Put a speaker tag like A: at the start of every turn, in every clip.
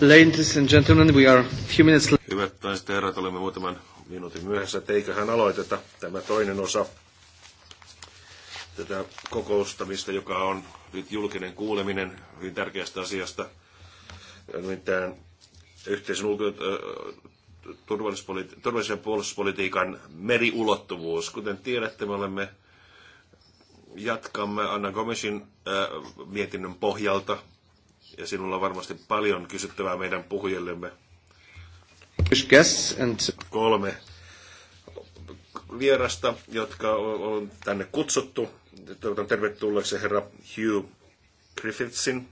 A: Ladies and gentlemen, we are a few minutes late. Hyvät naiset
B: ja herrat, olemme muutaman minuutin myöhässä, että eiköhän aloiteta tämä toinen osa tätä kokoustamista, joka on nyt julkinen kuuleminen hyvin tärkeästä asiasta, nimittäin yhteisen ulko- turvallisen puolustuspolitiikan meriulottuvuus. Kuten tiedätte, me olemme jatkamme Anna Gomesin äh, mietinnön pohjalta. Ja sinulla on varmasti paljon kysyttävää meidän puhujillemme. Kolme vierasta, jotka on tänne kutsuttu. Toivotan tervetulleeksi herra Hugh Griffithsin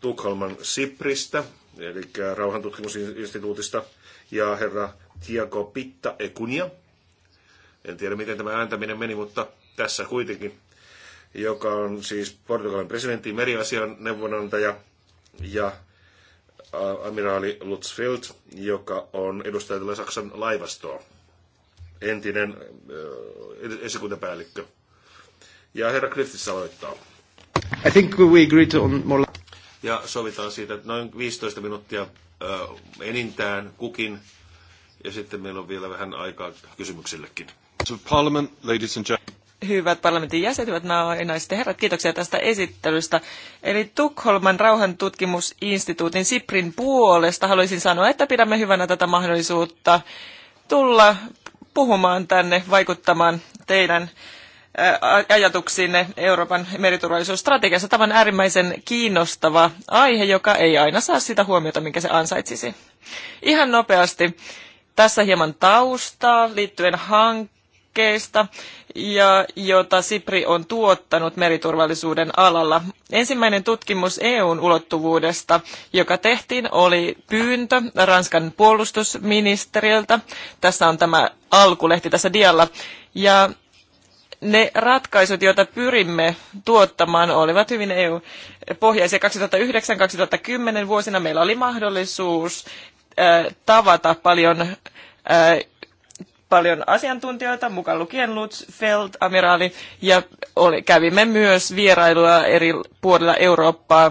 B: Tukholman Sipristä, eli rauhantutkimusinstituutista – ja herra Tiago Pitta Ekunia. En tiedä, miten tämä ääntäminen meni, mutta tässä kuitenkin, joka on siis Portugalin presidentti, meriasian neuvonantaja ja amiraali Lutzfeld, joka on edustajatella Saksan laivastoa, entinen esikuntapäällikkö. Ja herra Griffiths aloittaa.
C: I think we agreed on more
B: ja sovitaan siitä, että noin 15 minuuttia enintään kukin, ja sitten meillä on vielä vähän aikaa kysymyksillekin. Parliament, ladies and gentlemen.
C: Hyvät parlamentin jäsenet, hyvät naiset ja herrat, kiitoksia tästä esittelystä. Eli Tukholman rauhantutkimusinstituutin SIPRin puolesta haluaisin sanoa, että pidämme hyvänä tätä mahdollisuutta tulla puhumaan tänne, vaikuttamaan teidän ajatuksiinne Euroopan meriturvallisuusstrategiassa. Tämä on äärimmäisen kiinnostava aihe, joka ei aina saa sitä huomiota, minkä se ansaitsisi. Ihan nopeasti tässä hieman taustaa liittyen hankkeista, ja, jota Sipri on tuottanut meriturvallisuuden alalla. Ensimmäinen tutkimus EUn ulottuvuudesta, joka tehtiin, oli pyyntö Ranskan puolustusministeriltä. Tässä on tämä alkulehti tässä dialla. Ja ne ratkaisut, joita pyrimme tuottamaan, olivat hyvin EU-pohjaisia. 2009-2010 vuosina meillä oli mahdollisuus tavata paljon, paljon asiantuntijoita, mukaan lukien Lutz, Feld, Amiraali, ja oli, kävimme myös vierailuja eri puolilla Eurooppaa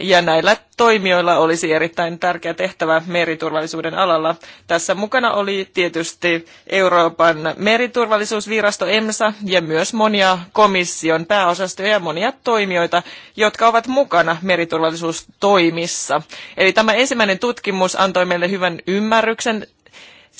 C: ja näillä toimijoilla olisi erittäin tärkeä tehtävä meriturvallisuuden alalla. Tässä mukana oli tietysti Euroopan meriturvallisuusvirasto EMSA ja myös monia komission pääosastoja ja monia toimijoita, jotka ovat mukana meriturvallisuustoimissa. Eli tämä ensimmäinen tutkimus antoi meille hyvän ymmärryksen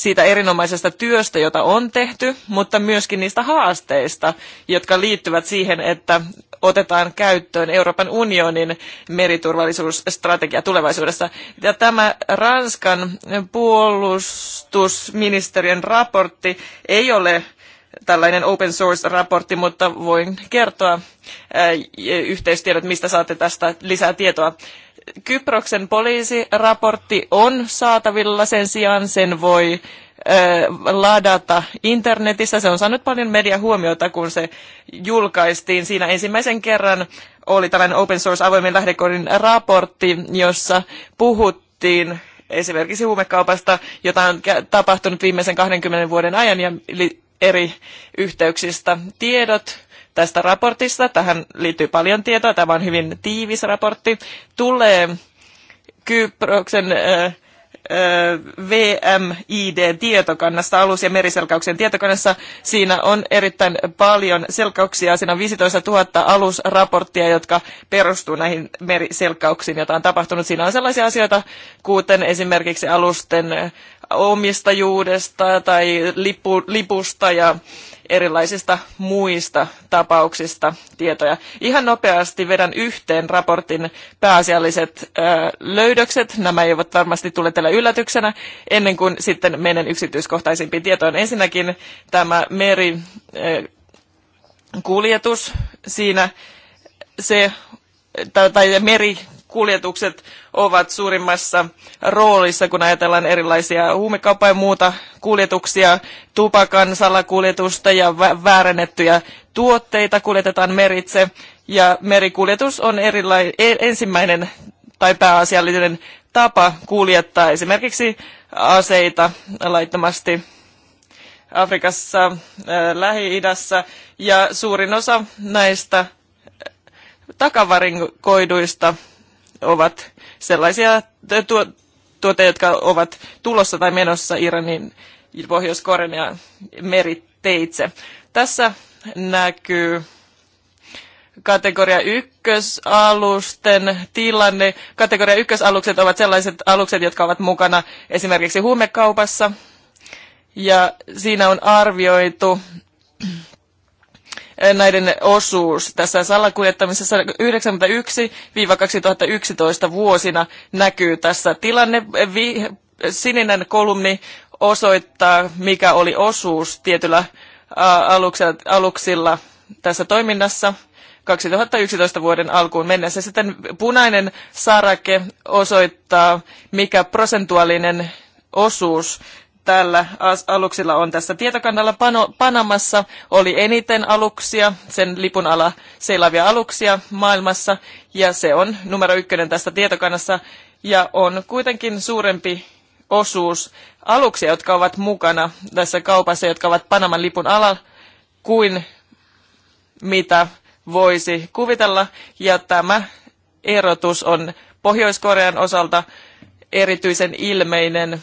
C: siitä erinomaisesta työstä, jota on tehty, mutta myöskin niistä haasteista, jotka liittyvät siihen, että otetaan käyttöön Euroopan unionin meriturvallisuusstrategia tulevaisuudessa. Ja tämä Ranskan puolustusministeriön raportti ei ole tällainen open source-raportti, mutta voin kertoa yhteistiedot, mistä saatte tästä lisää tietoa. Kyproksen poliisiraportti on saatavilla, sen sijaan sen voi ladata internetissä. Se on saanut paljon mediahuomiota, kun se julkaistiin. Siinä ensimmäisen kerran oli tällainen open source avoimen lähdekodin raportti, jossa puhuttiin esimerkiksi huumekaupasta, jota on tapahtunut viimeisen 20 vuoden ajan ja eri yhteyksistä. Tiedot tästä raportista. Tähän liittyy paljon tietoa. Tämä on hyvin tiivis raportti. Tulee Kyproksen äh, VMID-tietokannasta, alus- ja meriselkauksen tietokannassa. Siinä on erittäin paljon selkauksia. Siinä on 15 000 alusraporttia, jotka perustuu näihin meriselkauksiin, joita on tapahtunut. Siinä on sellaisia asioita, kuten esimerkiksi alusten omistajuudesta tai lipu, lipusta ja erilaisista muista tapauksista tietoja. Ihan nopeasti vedän yhteen raportin pääasialliset ö, löydökset. Nämä eivät varmasti tule teille yllätyksenä ennen kuin sitten menen yksityiskohtaisimpiin tietoihin. Ensinnäkin tämä meri ö, kuljetus siinä se tai meri kuljetukset ovat suurimmassa roolissa, kun ajatellaan erilaisia huumekauppaa ja muuta kuljetuksia, tupakan salakuljetusta ja väärennettyjä tuotteita kuljetetaan meritse. Ja merikuljetus on erila- e- ensimmäinen tai pääasiallinen tapa kuljettaa esimerkiksi aseita laittomasti Afrikassa, äh, Lähi-idässä ja suurin osa näistä äh, takavarinkoiduista ovat sellaisia tuotteita, jotka ovat tulossa tai menossa Iranin pohjois ja meriteitse. Tässä näkyy kategoria ykkösalusten tilanne. Kategoria ykkösalukset ovat sellaiset alukset, jotka ovat mukana esimerkiksi huumekaupassa. Ja siinä on arvioitu näiden osuus tässä salakuljettamisessa 91-2011 vuosina näkyy tässä tilanne. Sininen kolumni osoittaa, mikä oli osuus tietyllä aluksilla tässä toiminnassa. 2011 vuoden alkuun mennessä. Sitten punainen sarake osoittaa, mikä prosentuaalinen osuus tällä aluksilla on tässä tietokannalla Pano, Panamassa. Oli eniten aluksia, sen lipun ala seilavia aluksia maailmassa, ja se on numero ykkönen tästä tietokannassa, ja on kuitenkin suurempi osuus aluksia, jotka ovat mukana tässä kaupassa, jotka ovat Panaman lipun ala, kuin mitä voisi kuvitella. Ja tämä erotus on Pohjois-Korean osalta erityisen ilmeinen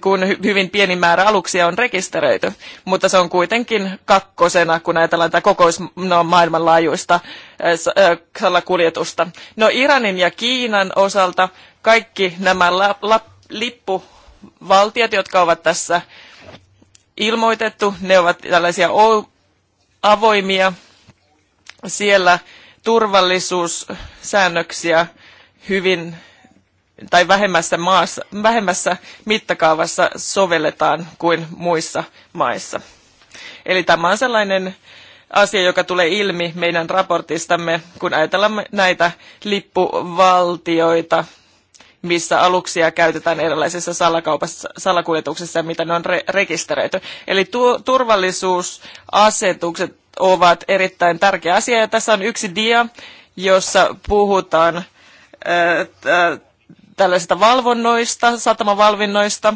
C: kun hyvin pieni määrä aluksia on rekisteröity, mutta se on kuitenkin kakkosena, kun ajatellaan tätä koko no, maailmanlaajuista salakuljetusta. No Iranin ja Kiinan osalta kaikki nämä la, la, lippuvaltiot, jotka ovat tässä ilmoitettu, ne ovat tällaisia avoimia. Siellä turvallisuussäännöksiä hyvin tai vähemmässä, maassa, vähemmässä mittakaavassa sovelletaan kuin muissa maissa. Eli tämä on sellainen asia, joka tulee ilmi meidän raportistamme, kun ajatellaan näitä lippuvaltioita, missä aluksia käytetään erilaisissa salakuljetuksissa ja mitä ne on re- rekisteröity. Eli tu- turvallisuusasetukset ovat erittäin tärkeä asia. Ja tässä on yksi dia, jossa puhutaan ää, tällaisista valvonnoista, satamavalvinnoista,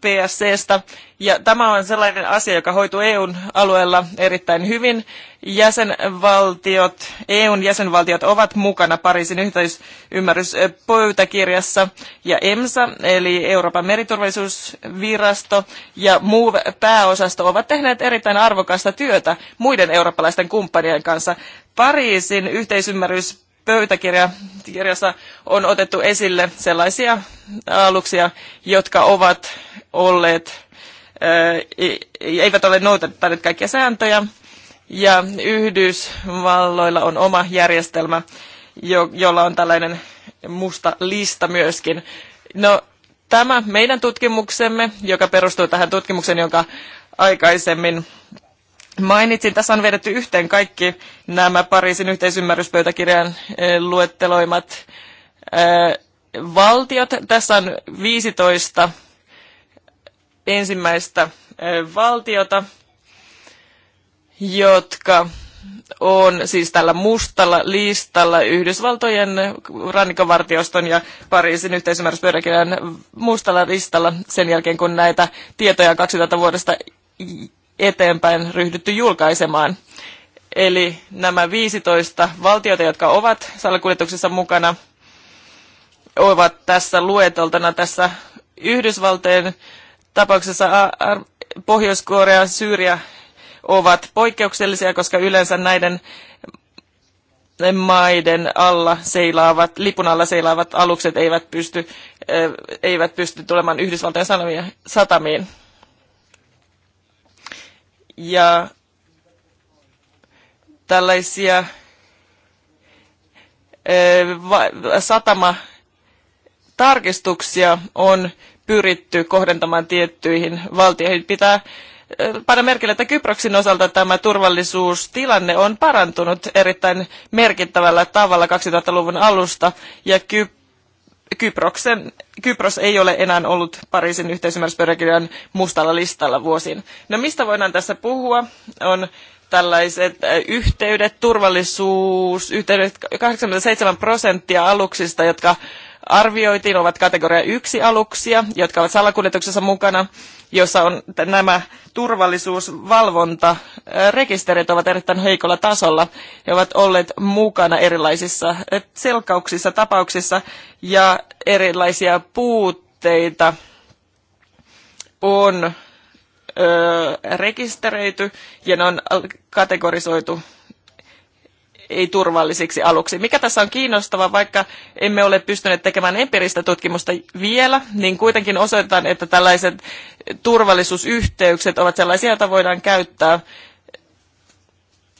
C: PSCstä. Ja tämä on sellainen asia, joka hoituu EUn alueella erittäin hyvin. Jäsenvaltiot, EUn jäsenvaltiot ovat mukana Pariisin yhteisymmärryspöytäkirjassa ja EMSA, eli Euroopan meriturvallisuusvirasto ja muu pääosasto ovat tehneet erittäin arvokasta työtä muiden eurooppalaisten kumppanien kanssa. Pariisin yhteisymmärrys pöytäkirjassa on otettu esille sellaisia aluksia, jotka ovat olleet, eivät ole noudattaneet kaikkia sääntöjä. Ja Yhdysvalloilla on oma järjestelmä, jo, jolla on tällainen musta lista myöskin. No, tämä meidän tutkimuksemme, joka perustuu tähän tutkimukseen, jonka aikaisemmin mainitsin. Tässä on vedetty yhteen kaikki nämä Pariisin yhteisymmärryspöytäkirjan eh, luetteloimat eh, valtiot. Tässä on 15 ensimmäistä eh, valtiota, jotka on siis tällä mustalla listalla Yhdysvaltojen rannikkovartioston ja Pariisin yhteisymmärryspöytäkirjan mustalla listalla sen jälkeen, kun näitä tietoja 2000 vuodesta eteenpäin ryhdytty julkaisemaan. Eli nämä 15 valtiota, jotka ovat salakuljetuksessa mukana, ovat tässä lueteltana tässä Yhdysvaltojen tapauksessa Pohjois-Korea ja Syyria ovat poikkeuksellisia, koska yleensä näiden maiden alla seilaavat, lipun alla seilaavat alukset eivät pysty, eivät pysty tulemaan Yhdysvaltojen satamiin ja tällaisia eh, satamatarkistuksia on pyritty kohdentamaan tiettyihin valtioihin. Pitää eh, panna merkille, että Kyproksen osalta tämä turvallisuustilanne on parantunut erittäin merkittävällä tavalla 2000-luvun alusta, ja Kyp Kyproksen, Kypros ei ole enää ollut Pariisin yhteisymmärryspöydäkirjan mustalla listalla vuosin. No mistä voidaan tässä puhua? On tällaiset äh, yhteydet, turvallisuus, yhteydet 87 prosenttia aluksista, jotka arvioitiin, ovat kategoria 1 aluksia, jotka ovat salakuljetuksessa mukana, jossa on nämä turvallisuusvalvonta rekisterit ovat erittäin heikolla tasolla. He ovat olleet mukana erilaisissa selkauksissa, tapauksissa ja erilaisia puutteita on ö, rekisteröity ja ne on kategorisoitu ei turvallisiksi aluksi. Mikä tässä on kiinnostava, vaikka emme ole pystyneet tekemään empiiristä tutkimusta vielä, niin kuitenkin osoitetaan, että tällaiset turvallisuusyhteykset ovat sellaisia, joita voidaan käyttää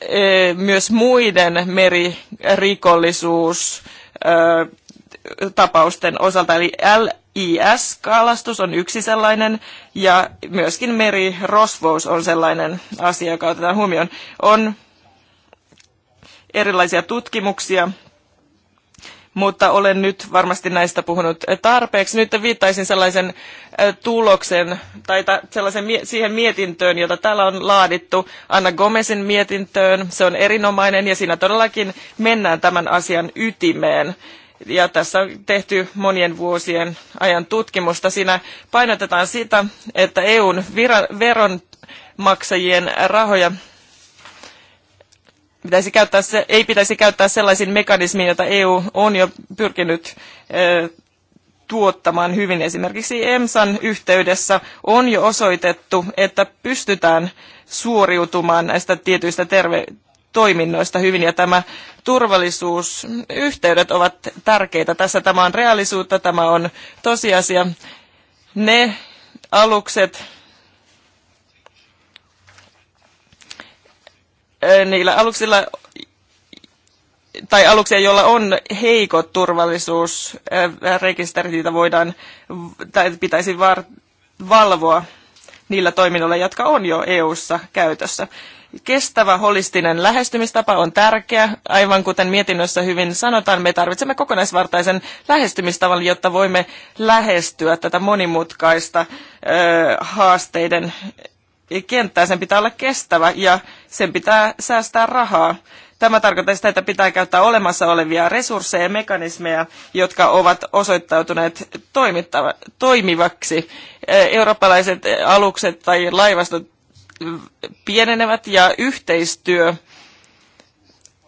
C: e, myös muiden meririkollisuus e, tapausten osalta, eli LIS-kalastus on yksi sellainen, ja myöskin merirosvous on sellainen asia, joka otetaan huomioon. On erilaisia tutkimuksia, mutta olen nyt varmasti näistä puhunut tarpeeksi. Nyt viittaisin sellaisen tuloksen tai sellaisen, siihen mietintöön, jota täällä on laadittu, Anna Gomesin mietintöön. Se on erinomainen ja siinä todellakin mennään tämän asian ytimeen. Ja tässä on tehty monien vuosien ajan tutkimusta. Siinä painotetaan sitä, että EUn viran, veronmaksajien rahoja pitäisi käyttää, ei pitäisi käyttää sellaisiin mekanismiin, jota EU on jo pyrkinyt tuottamaan hyvin. Esimerkiksi EMSAn yhteydessä on jo osoitettu, että pystytään suoriutumaan näistä tietyistä terve- toiminnoista hyvin ja tämä turvallisuusyhteydet ovat tärkeitä. Tässä tämä on realisuutta, tämä on tosiasia. Ne alukset, niillä aluksilla tai aluksia, joilla on heikot turvallisuusrekisterit, niitä voidaan tai pitäisi var, valvoa niillä toiminnoilla, jotka on jo EU:ssa käytössä. Kestävä holistinen lähestymistapa on tärkeä. Aivan kuten mietinnössä hyvin sanotaan, me tarvitsemme kokonaisvartaisen lähestymistavan, jotta voimme lähestyä tätä monimutkaista ö, haasteiden kenttää, sen pitää olla kestävä ja sen pitää säästää rahaa. Tämä tarkoittaa sitä, että pitää käyttää olemassa olevia resursseja ja mekanismeja, jotka ovat osoittautuneet toimivaksi. Eurooppalaiset alukset tai laivastot pienenevät ja yhteistyö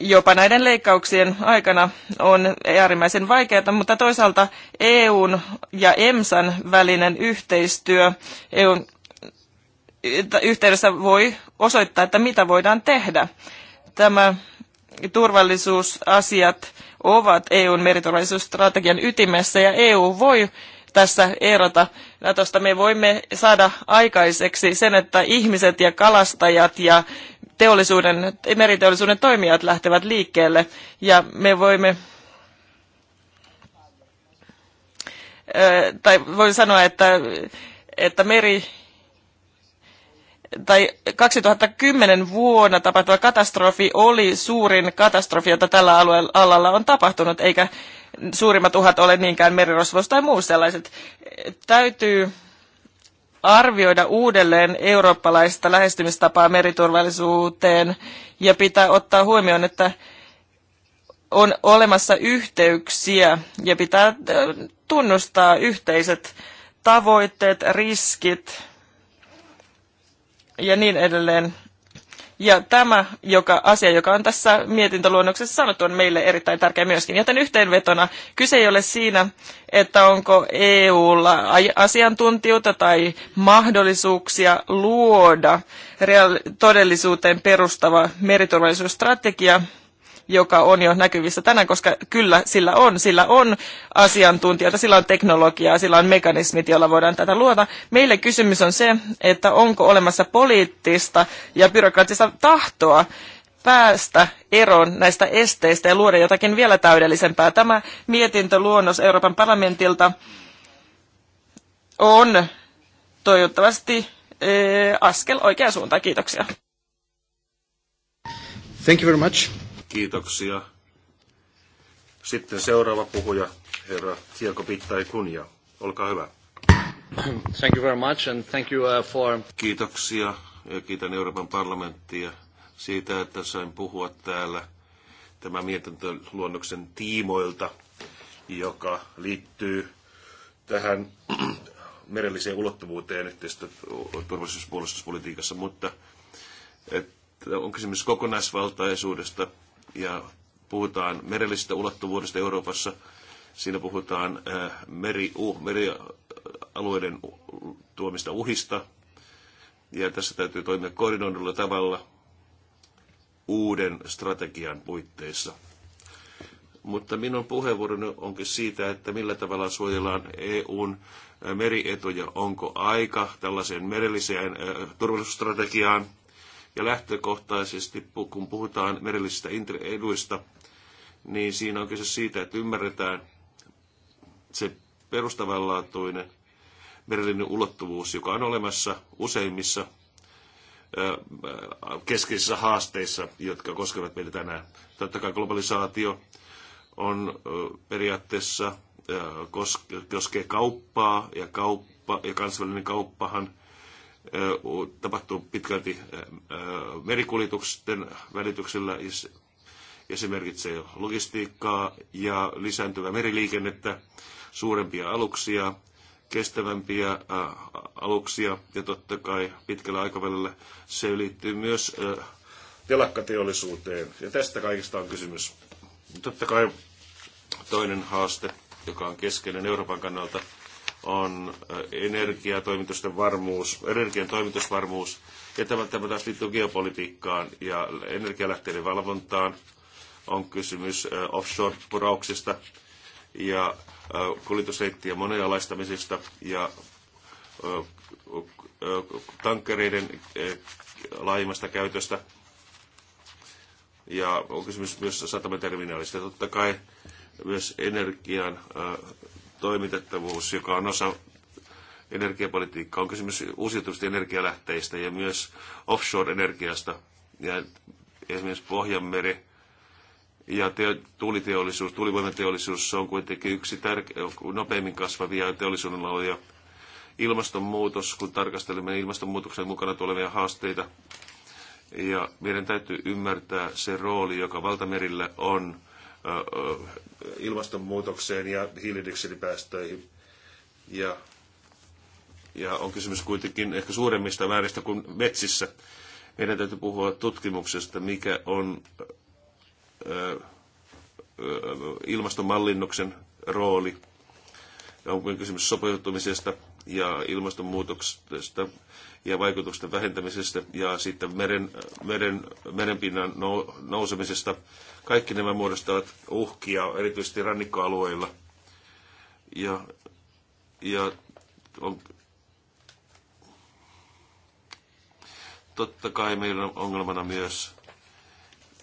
C: jopa näiden leikkauksien aikana on äärimmäisen vaikeaa, mutta toisaalta EUn ja EMSan välinen yhteistyö, EUn yhteydessä voi osoittaa, että mitä voidaan tehdä. Tämä turvallisuusasiat ovat EUn meriturvallisuusstrategian ytimessä ja EU voi tässä erota Natosta. Me voimme saada aikaiseksi sen, että ihmiset ja kalastajat ja teollisuuden, meriteollisuuden toimijat lähtevät liikkeelle ja me voimme tai voin sanoa, että, että meri tai 2010 vuonna tapahtuva katastrofi oli suurin katastrofi, jota tällä alueella alalla on tapahtunut, eikä suurimmat uhat ole niinkään merirosvous tai muu sellaiset. Täytyy arvioida uudelleen eurooppalaista lähestymistapaa meriturvallisuuteen ja pitää ottaa huomioon, että on olemassa yhteyksiä ja pitää äh, tunnustaa yhteiset tavoitteet, riskit ja niin edelleen. Ja tämä joka, asia, joka on tässä mietintöluonnoksessa sanottu, on meille erittäin tärkeä myöskin. Joten yhteenvetona kyse ei ole siinä, että onko EUlla asiantuntijuutta tai mahdollisuuksia luoda reaali- todellisuuteen perustava meriturvallisuusstrategia – joka on jo näkyvissä tänään, koska kyllä sillä on, sillä on asiantuntijoita, sillä on teknologiaa, sillä on mekanismit, joilla voidaan tätä luoda. Meille kysymys on se, että onko olemassa poliittista ja byrokraattista tahtoa päästä eroon näistä esteistä ja luoda jotakin vielä täydellisempää. Tämä mietintöluonnos Euroopan parlamentilta on toivottavasti eh, askel oikeaan suuntaan. Kiitoksia.
A: Thank you very much.
B: Kiitoksia. Sitten seuraava puhuja, herra Tiago Pittai Kunja. Olkaa hyvä. Thank you very much and thank you uh, for... Kiitoksia ja kiitän Euroopan parlamenttia siitä, että sain puhua täällä tämän mietintöluonnoksen tiimoilta, joka liittyy tähän merelliseen ulottuvuuteen yhteistyö turvallisuus- ja puolustuspolitiikassa, mutta että on kysymys kokonaisvaltaisuudesta – ja puhutaan merellisestä ulottuvuudesta Euroopassa. Siinä puhutaan äh, meri, uh, merialueiden tuomista uhista. Ja tässä täytyy toimia koordinoidulla tavalla uuden strategian puitteissa. Mutta minun puheenvuoroni onkin siitä, että millä tavalla suojellaan EUn äh, merietuja. Onko aika tällaiseen merelliseen äh, turvallisuusstrategiaan? Ja lähtökohtaisesti, kun puhutaan merellisistä eduista, niin siinä on kyse siitä, että ymmärretään se perustavanlaatuinen merellinen ulottuvuus, joka on olemassa useimmissa keskeisissä haasteissa, jotka koskevat meitä tänään. Totta kai globalisaatio on periaatteessa koskee kauppaa ja, kauppa, ja kansainvälinen kauppahan tapahtuu pitkälti merikuljetusten välityksellä ja se merkitsee logistiikkaa ja lisääntyvää meriliikennettä, suurempia aluksia, kestävämpiä aluksia ja totta kai pitkällä aikavälillä se liittyy myös telakkateollisuuteen. Ja tästä kaikesta on kysymys. Totta kai toinen haaste, joka on keskeinen Euroopan kannalta, on äh, energiatoimitusten varmuus, energian toimitusvarmuus, ja tämä, tämä taas liittyy geopolitiikkaan ja energialähteiden valvontaan. On kysymys äh, offshore-purauksista ja äh, kuljetusreittien monialaistamisesta ja tankkereiden laajemmasta käytöstä. Ja on kysymys myös satamaterminaalista. Totta kai myös energian toimitettavuus, joka on osa energiapolitiikkaa, on kysymys uusiutuvista energialähteistä ja myös offshore-energiasta. Ja esimerkiksi Pohjanmeri ja tuuliteollisuus, tuulivoimateollisuus, on kuitenkin yksi tärkeä nopeimmin kasvavia teollisuuden aloja. Ilmastonmuutos, kun tarkastelemme ilmastonmuutoksen mukana tulevia haasteita, ja meidän täytyy ymmärtää se rooli, joka valtamerillä on ilmastonmuutokseen ja hiilidioksidipäästöihin. Ja, ja on kysymys kuitenkin ehkä suuremmista määristä kuin metsissä. Meidän täytyy puhua tutkimuksesta, mikä on ilmastonmallinnuksen rooli. Ja on kysymys sopeutumisesta ja ilmastonmuutoksesta ja vaikutusten vähentämisestä ja sitten meren, meren, merenpinnan nousemisesta. Kaikki nämä muodostavat uhkia, erityisesti rannikkoalueilla. Ja, ja on, totta kai meillä on ongelmana myös,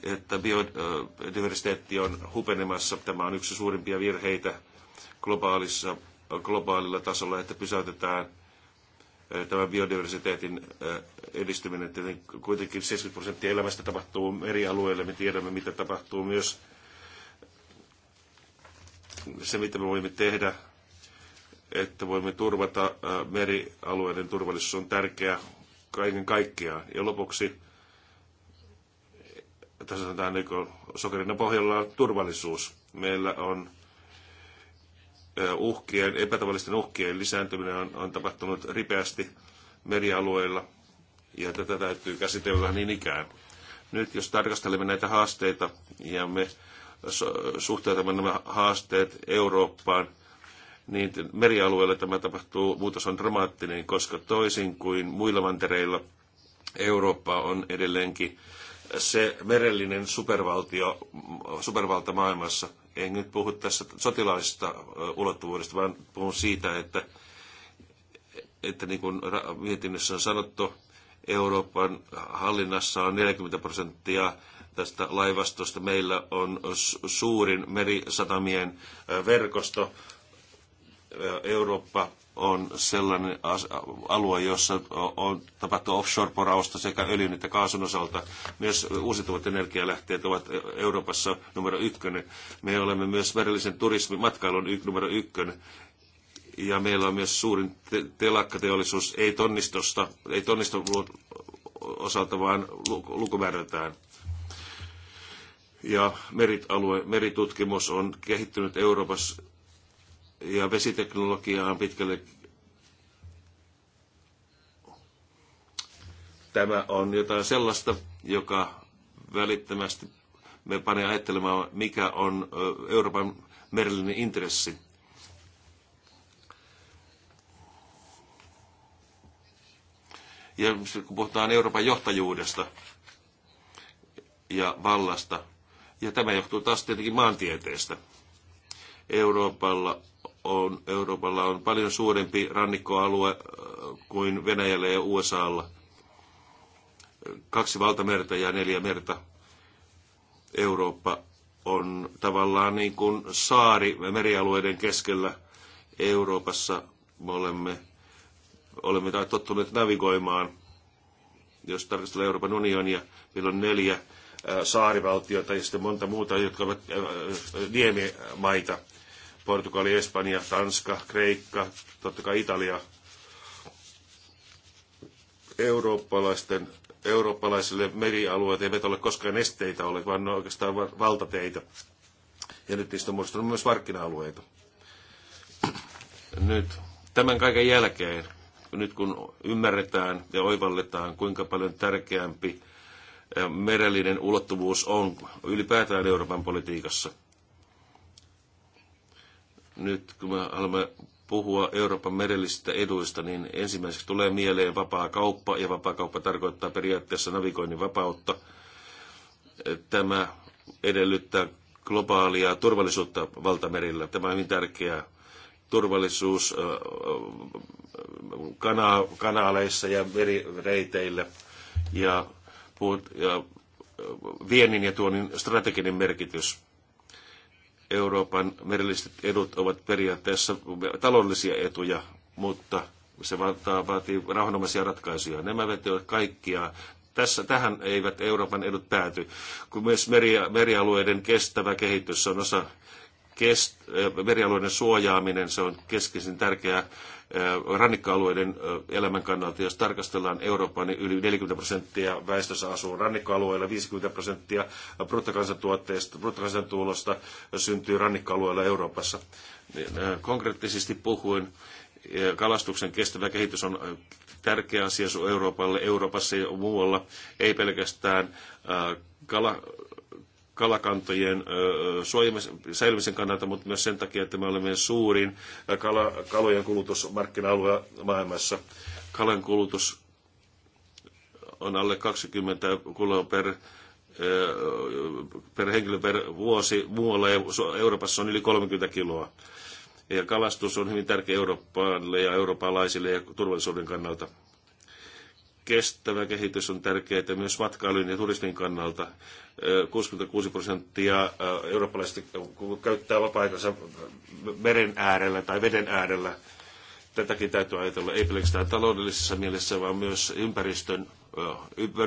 B: että biodiversiteetti on hupenemassa. Tämä on yksi suurimpia virheitä globaalissa globaalilla tasolla, että pysäytetään eh, tämän biodiversiteetin eh, edistyminen. Tietenkin kuitenkin 70 prosenttia elämästä tapahtuu merialueille. Me tiedämme, mitä tapahtuu myös se, mitä me voimme tehdä, että voimme turvata eh, merialueiden turvallisuus on tärkeää kaiken kaikkiaan. Ja lopuksi tässä sanotaan niin sokerina pohjalla on turvallisuus. Meillä on uhkien, epätavallisten uhkien lisääntyminen on, on tapahtunut ripeästi merialueilla, ja tätä täytyy käsitellä niin ikään. Nyt jos tarkastelemme näitä haasteita ja me suhteutamme nämä haasteet Eurooppaan, niin merialueella tämä tapahtuu, muutos on dramaattinen, koska toisin kuin muilla mantereilla Eurooppa on edelleenkin se merellinen supervaltio, supervalta maailmassa, en nyt puhu tässä sotilaallisesta ulottuvuudesta, vaan puhun siitä, että, että niin kuin mietinnössä on sanottu, Euroopan hallinnassa on 40 prosenttia tästä laivastosta. Meillä on suurin merisatamien verkosto. Eurooppa on sellainen alue, jossa on tapahtu offshore-porausta sekä öljyn että kaasun osalta. Myös uusiutuvat energialähteet ovat e-, Euroopassa numero ykkönen. Me olemme myös merellisen turismin matkailun numero ykkönen. Ja meillä on myös suurin te- telakkateollisuus, ei tonnistosta, ei tonniston osalta, vaan lukumäärätään. ja merit meritutkimus on kehittynyt Euroopassa ja vesiteknologiaa on pitkälle tämä on jotain sellaista, joka välittömästi me panee ajattelemaan, mikä on Euroopan merellinen intressi. Ja kun puhutaan Euroopan johtajuudesta ja vallasta, ja tämä johtuu taas tietenkin maantieteestä. Euroopalla on, Euroopalla on paljon suurempi rannikkoalue äh, kuin Venäjällä ja USAlla. Kaksi valtamerta ja neljä merta. Eurooppa on tavallaan niin kuin saari merialueiden keskellä Euroopassa. Me olemme, olemme tottuneet navigoimaan. Jos tarkastellaan Euroopan unionia, meillä on neljä äh, saarivaltiota ja sitten monta muuta, jotka ovat äh, niemimaita. Portugali, Espanja, Tanska, Kreikka, totta kai Italia. Eurooppalaisten, eurooppalaisille merialueet eivät ole koskaan esteitä ole, vaan ne oikeastaan valtateitä. Ja nyt niistä on muodostunut myös markkina-alueita. Nyt tämän kaiken jälkeen, nyt kun ymmärretään ja oivalletaan, kuinka paljon tärkeämpi eh, merellinen ulottuvuus on ylipäätään Euroopan politiikassa – nyt kun me haluamme puhua Euroopan merellisistä eduista, niin ensimmäiseksi tulee mieleen vapaa kauppa, ja vapaa kauppa tarkoittaa periaatteessa navigoinnin vapautta. Tämä edellyttää globaalia turvallisuutta valtamerillä. Tämä on hyvin tärkeää. Turvallisuus kana, kanaaleissa ja merireiteillä ja, puhut, ja viennin ja tuonin strateginen merkitys Euroopan merelliset edut ovat periaatteessa taloudellisia etuja, mutta se vaatii rauhanomaisia ratkaisuja. Nämä vetävät kaikkia. Tässä, tähän eivät Euroopan edut pääty, kun myös meri, merialueiden kestävä kehitys on osa kest, merialueiden suojaaminen, se on keskeisin tärkeää rannikkoalueiden elämän kannalta. Jos tarkastellaan Eurooppaa, niin yli 40 prosenttia väestössä asuu rannikkoalueilla, 50 prosenttia bruttokansantuotteesta, bruttokansantulosta syntyy rannikkoalueilla Euroopassa. Niin, konkreettisesti puhuen, kalastuksen kestävä kehitys on tärkeä asia Euroopalle, Euroopassa ja muualla, ei pelkästään kala, kalakantojen säilymisen kannalta, mutta myös sen takia, että me olemme suurin kala, kalojen kulutusmarkkina-alue maailmassa. Kalan kulutus on alle 20 kiloa per, per henkilö per vuosi. Muualla Euroopassa on yli 30 kiloa. Ja kalastus on hyvin tärkeä Eurooppaalle ja eurooppalaisille ja turvallisuuden kannalta kestävä kehitys on tärkeää myös matkailun ja turismin kannalta. 66 prosenttia eurooppalaisista käyttää vapaa-aikansa meren äärellä tai veden äärellä. Tätäkin täytyy ajatella ei pelkästään taloudellisessa mielessä, vaan myös ympäristön,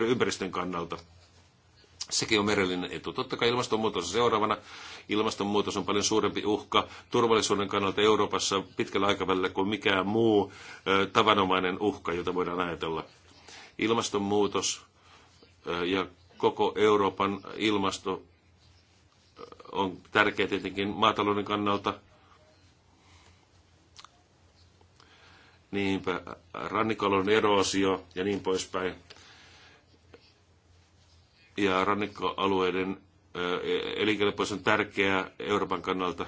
B: ympäristön kannalta. Sekin on merellinen etu. Totta kai ilmastonmuutos on seuraavana. Ilmastonmuutos on paljon suurempi uhka turvallisuuden kannalta Euroopassa pitkällä aikavälillä kuin mikään muu tavanomainen uhka, jota voidaan ajatella Ilmastonmuutos ja koko Euroopan ilmasto on tärkeä tietenkin maatalouden kannalta. Niinpä rannikkoalueen eroosio ja niin poispäin. Ja rannikkoalueiden e, elinkelpoisuus on tärkeää Euroopan kannalta.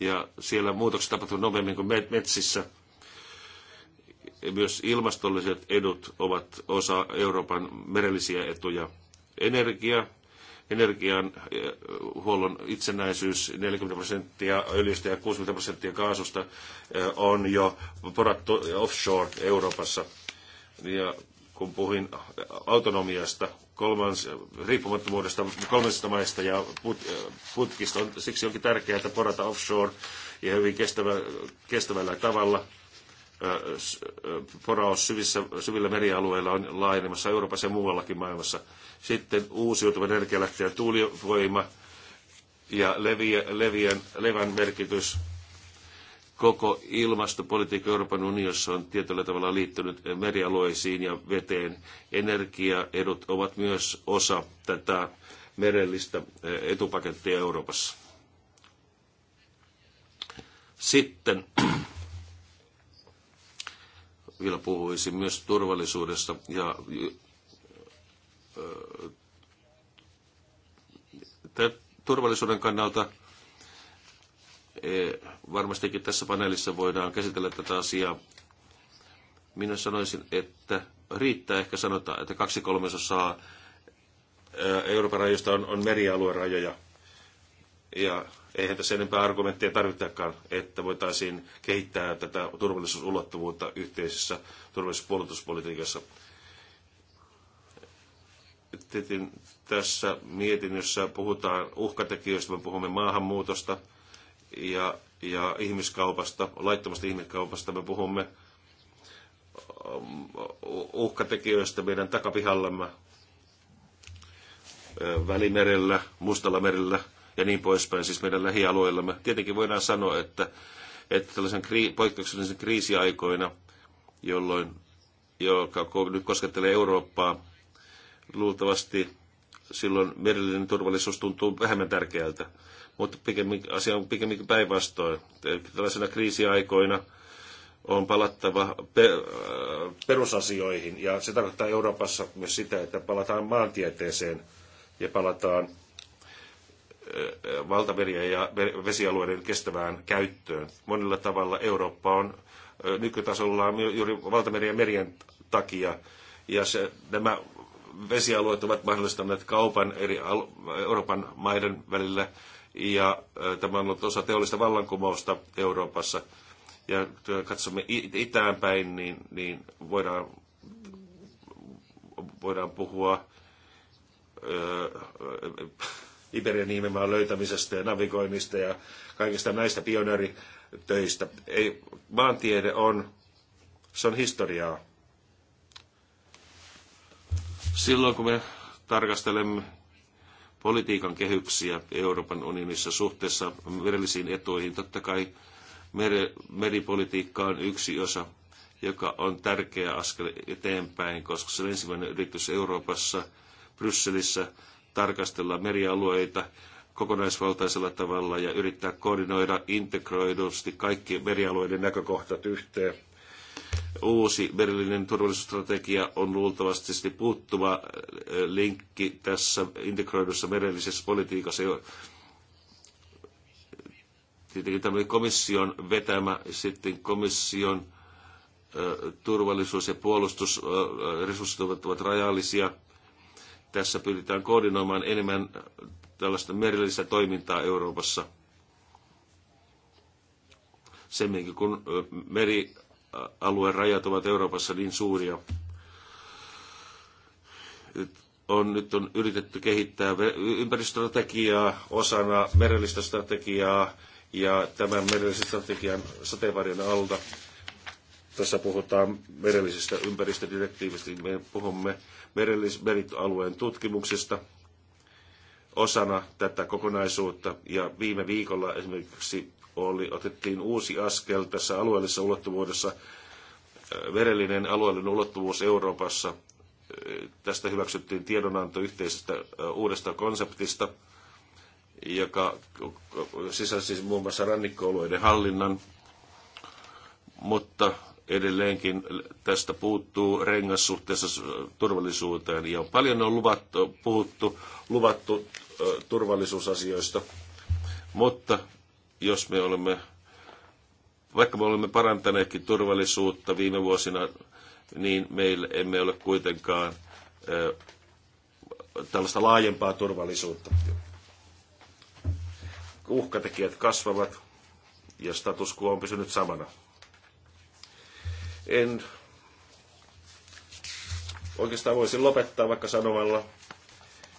B: Ja siellä muutokset tapahtuu nopeammin kuin metsissä. Myös ilmastolliset edut ovat osa Euroopan merellisiä etuja. Energia, energian eh, itsenäisyys 40 prosenttia öljystä ja 60 prosenttia kaasusta eh, on jo porattu offshore Euroopassa. Ja kun puhuin autonomiasta, kolmans, riippumattomuudesta kolmansista maista ja put, eh, putkista, on, siksi onkin tärkeää, että porata offshore ja hyvin kestävä, kestävällä tavalla – poraus syvissä, syvillä merialueilla on laajenemassa Euroopassa ja muuallakin maailmassa. Sitten uusiutuva energialähteen tuulivoima ja leviä, levän merkitys. Koko ilmastopolitiikka Euroopan unionissa on tietyllä tavalla liittynyt merialueisiin ja veteen. Energiaedut ovat myös osa tätä merellistä etupakettia Euroopassa. Sitten vielä puhuisin myös turvallisuudesta ja turvallisuuden kannalta e, varmastikin tässä paneelissa voidaan käsitellä tätä asiaa. Minä sanoisin, että riittää ehkä sanotaan, että kaksi kolmasosaa Euroopan rajoista on, on merialuerajoja. Ja eihän tässä enempää argumentteja tarvitakaan, että voitaisiin kehittää tätä turvallisuusulottuvuutta yhteisessä turvallisuuspuolustuspolitiikassa. tässä mietinnössä puhutaan uhkatekijöistä, me puhumme maahanmuutosta ja, ja ihmiskaupasta, laittomasta ihmiskaupasta, me puhumme um, uhkatekijöistä meidän takapihallamme, Välimerellä, Mustalla merellä, ja niin poispäin, siis meidän lähialueillamme. Tietenkin voidaan sanoa, että, että tällaisen kri, poikkeuksellisen kriisiaikoina, jolloin, joka nyt koskettelee Eurooppaa, luultavasti silloin merellinen turvallisuus tuntuu vähemmän tärkeältä. Mutta pikemminkin, asia on pikemminkin päinvastoin. Tällaisena kriisiaikoina on palattava perusasioihin. Ja se tarkoittaa Euroopassa myös sitä, että palataan maantieteeseen ja palataan valtamerien ja vesialueiden kestävään käyttöön. Monilla tavalla Eurooppa on nykytasollaan juuri valtamerien ja merien takia, ja se, nämä vesialueet ovat mahdollistaneet kaupan eri Euroopan maiden välillä, ja tämä on ollut osa teollista vallankumousta Euroopassa. Ja katsomme itään päin, niin, niin voidaan, voidaan puhua Iberian niemimaan löytämisestä ja navigoinnista ja kaikista näistä pioneeritöistä. Ei, maantiede on, se on historiaa. Silloin kun me tarkastelemme politiikan kehyksiä Euroopan unionissa suhteessa merellisiin etuihin, totta kai mere, meripolitiikka on yksi osa, joka on tärkeä askel eteenpäin, koska se on ensimmäinen yritys Euroopassa, Brysselissä, tarkastella merialueita kokonaisvaltaisella tavalla ja yrittää koordinoida integroidusti kaikki merialueiden näkökohtat yhteen. Uusi merillinen turvallisuusstrategia on luultavasti puuttuva äh, linkki tässä integroidussa merellisessä politiikassa, tietenkin tämä oli komission vetämä sitten komission äh, turvallisuus- ja puolustusresurssit ovat rajallisia. Tässä pyritään koordinoimaan enemmän tällaista merellistä toimintaa Euroopassa. Semminkin kun merialueen rajat ovat Euroopassa niin suuria, on, nyt on yritetty kehittää ympäristöstrategiaa osana merellistä strategiaa ja tämän merellisen strategian sateenvarjon alta tässä puhutaan merellisestä ympäristödirektiivistä, niin me puhumme merellismerialueen tutkimuksesta osana tätä kokonaisuutta. Ja viime viikolla esimerkiksi oli, otettiin uusi askel tässä alueellisessa ulottuvuudessa, merellinen alueellinen ulottuvuus Euroopassa. Tästä hyväksyttiin tiedonanto yhteisestä uudesta konseptista, joka sisälsi muun muassa rannikkoalueiden hallinnan, mutta edelleenkin tästä puuttuu rengas suhteessa turvallisuuteen ja paljon on luvattu, puhuttu luvattu turvallisuusasioista, mutta jos me olemme, vaikka me olemme parantaneetkin turvallisuutta viime vuosina, niin meillä emme ole kuitenkaan tällaista laajempaa turvallisuutta. Uhkatekijät kasvavat ja status quo on pysynyt samana en oikeastaan voisin lopettaa vaikka sanomalla,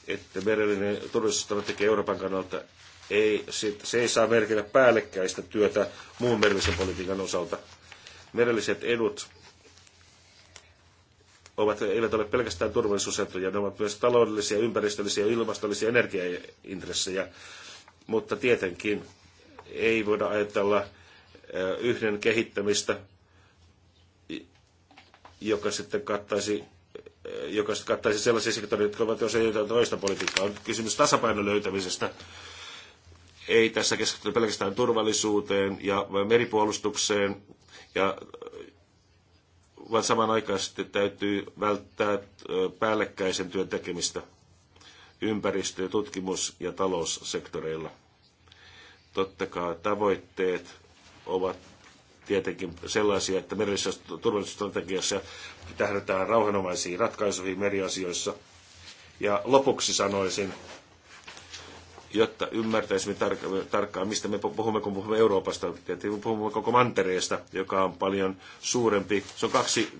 B: että merellinen turvallisuusstrategia Euroopan kannalta ei, se ei saa merkitä päällekkäistä työtä muun merellisen politiikan osalta. Merelliset edut ovat, eivät ole pelkästään turvallisuusetuja, ne ovat myös taloudellisia, ympäristöllisiä, ilmastollisia energiaintressejä. Mutta tietenkin ei voida ajatella yhden kehittämistä joka sitten kattaisi joka sitten kattaisi sellaisia sektoreita, jotka ovat osa toista politiikkaa. On kysymys tasapainon löytämisestä. Ei tässä keskitytä pelkästään turvallisuuteen ja meripuolustukseen, ja, vaan samanaikaisesti täytyy välttää päällekkäisen työn tekemistä ympäristö-, tutkimus- ja taloussektoreilla. Totta kai tavoitteet ovat tietenkin sellaisia, että merellisessä turvallisuusstrategiassa tähdätään rauhanomaisiin ratkaisuihin meriasioissa. Ja lopuksi sanoisin, jotta ymmärtäisimme tark- tarkkaan, mistä me puhumme, kun puhumme Euroopasta, tietenkin puhumme koko mantereesta, joka on paljon suurempi. Se on kaksi,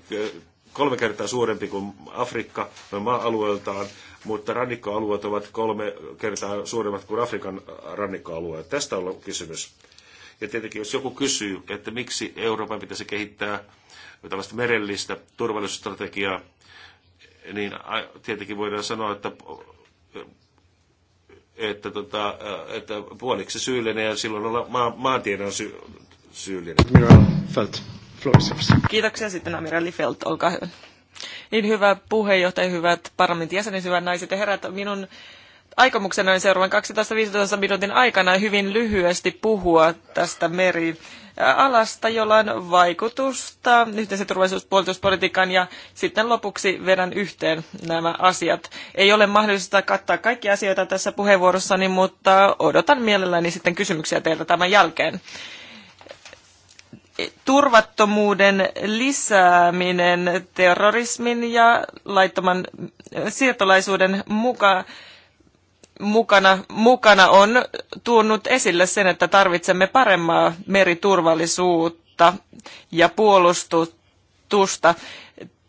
B: kolme kertaa suurempi kuin Afrikka noin maa-alueeltaan, mutta rannikkoalueet ovat kolme kertaa suuremmat kuin Afrikan rannikkoalueet. Tästä on kysymys. Ja tietenkin jos joku kysyy, että miksi Euroopan pitäisi kehittää tällaista merellistä turvallisuusstrategiaa, niin tietenkin voidaan sanoa, että että, tota, että puoliksi syyllinen ja silloin olla maa, maantiedon sy, syyllinen. Felt.
C: Kiitoksia sitten Amirali Felt, olkaa hyvä. Niin hyvä puheenjohtaja, hyvät parlamentin jäsenet, hyvät naiset ja herrat. Minun aikomuksena oli seuraavan 12-15 minuutin aikana hyvin lyhyesti puhua tästä meri alasta, jolla on vaikutusta yhteisen turvallisuuspuolustuspolitiikan ja sitten lopuksi vedän yhteen nämä asiat. Ei ole mahdollista kattaa kaikki asioita tässä puheenvuorossani, mutta odotan mielelläni sitten kysymyksiä teiltä tämän jälkeen. E, turvattomuuden lisääminen terrorismin ja laittoman siirtolaisuuden mukaan mukana, mukana on tuonut esille sen, että tarvitsemme paremmaa meriturvallisuutta ja puolustusta.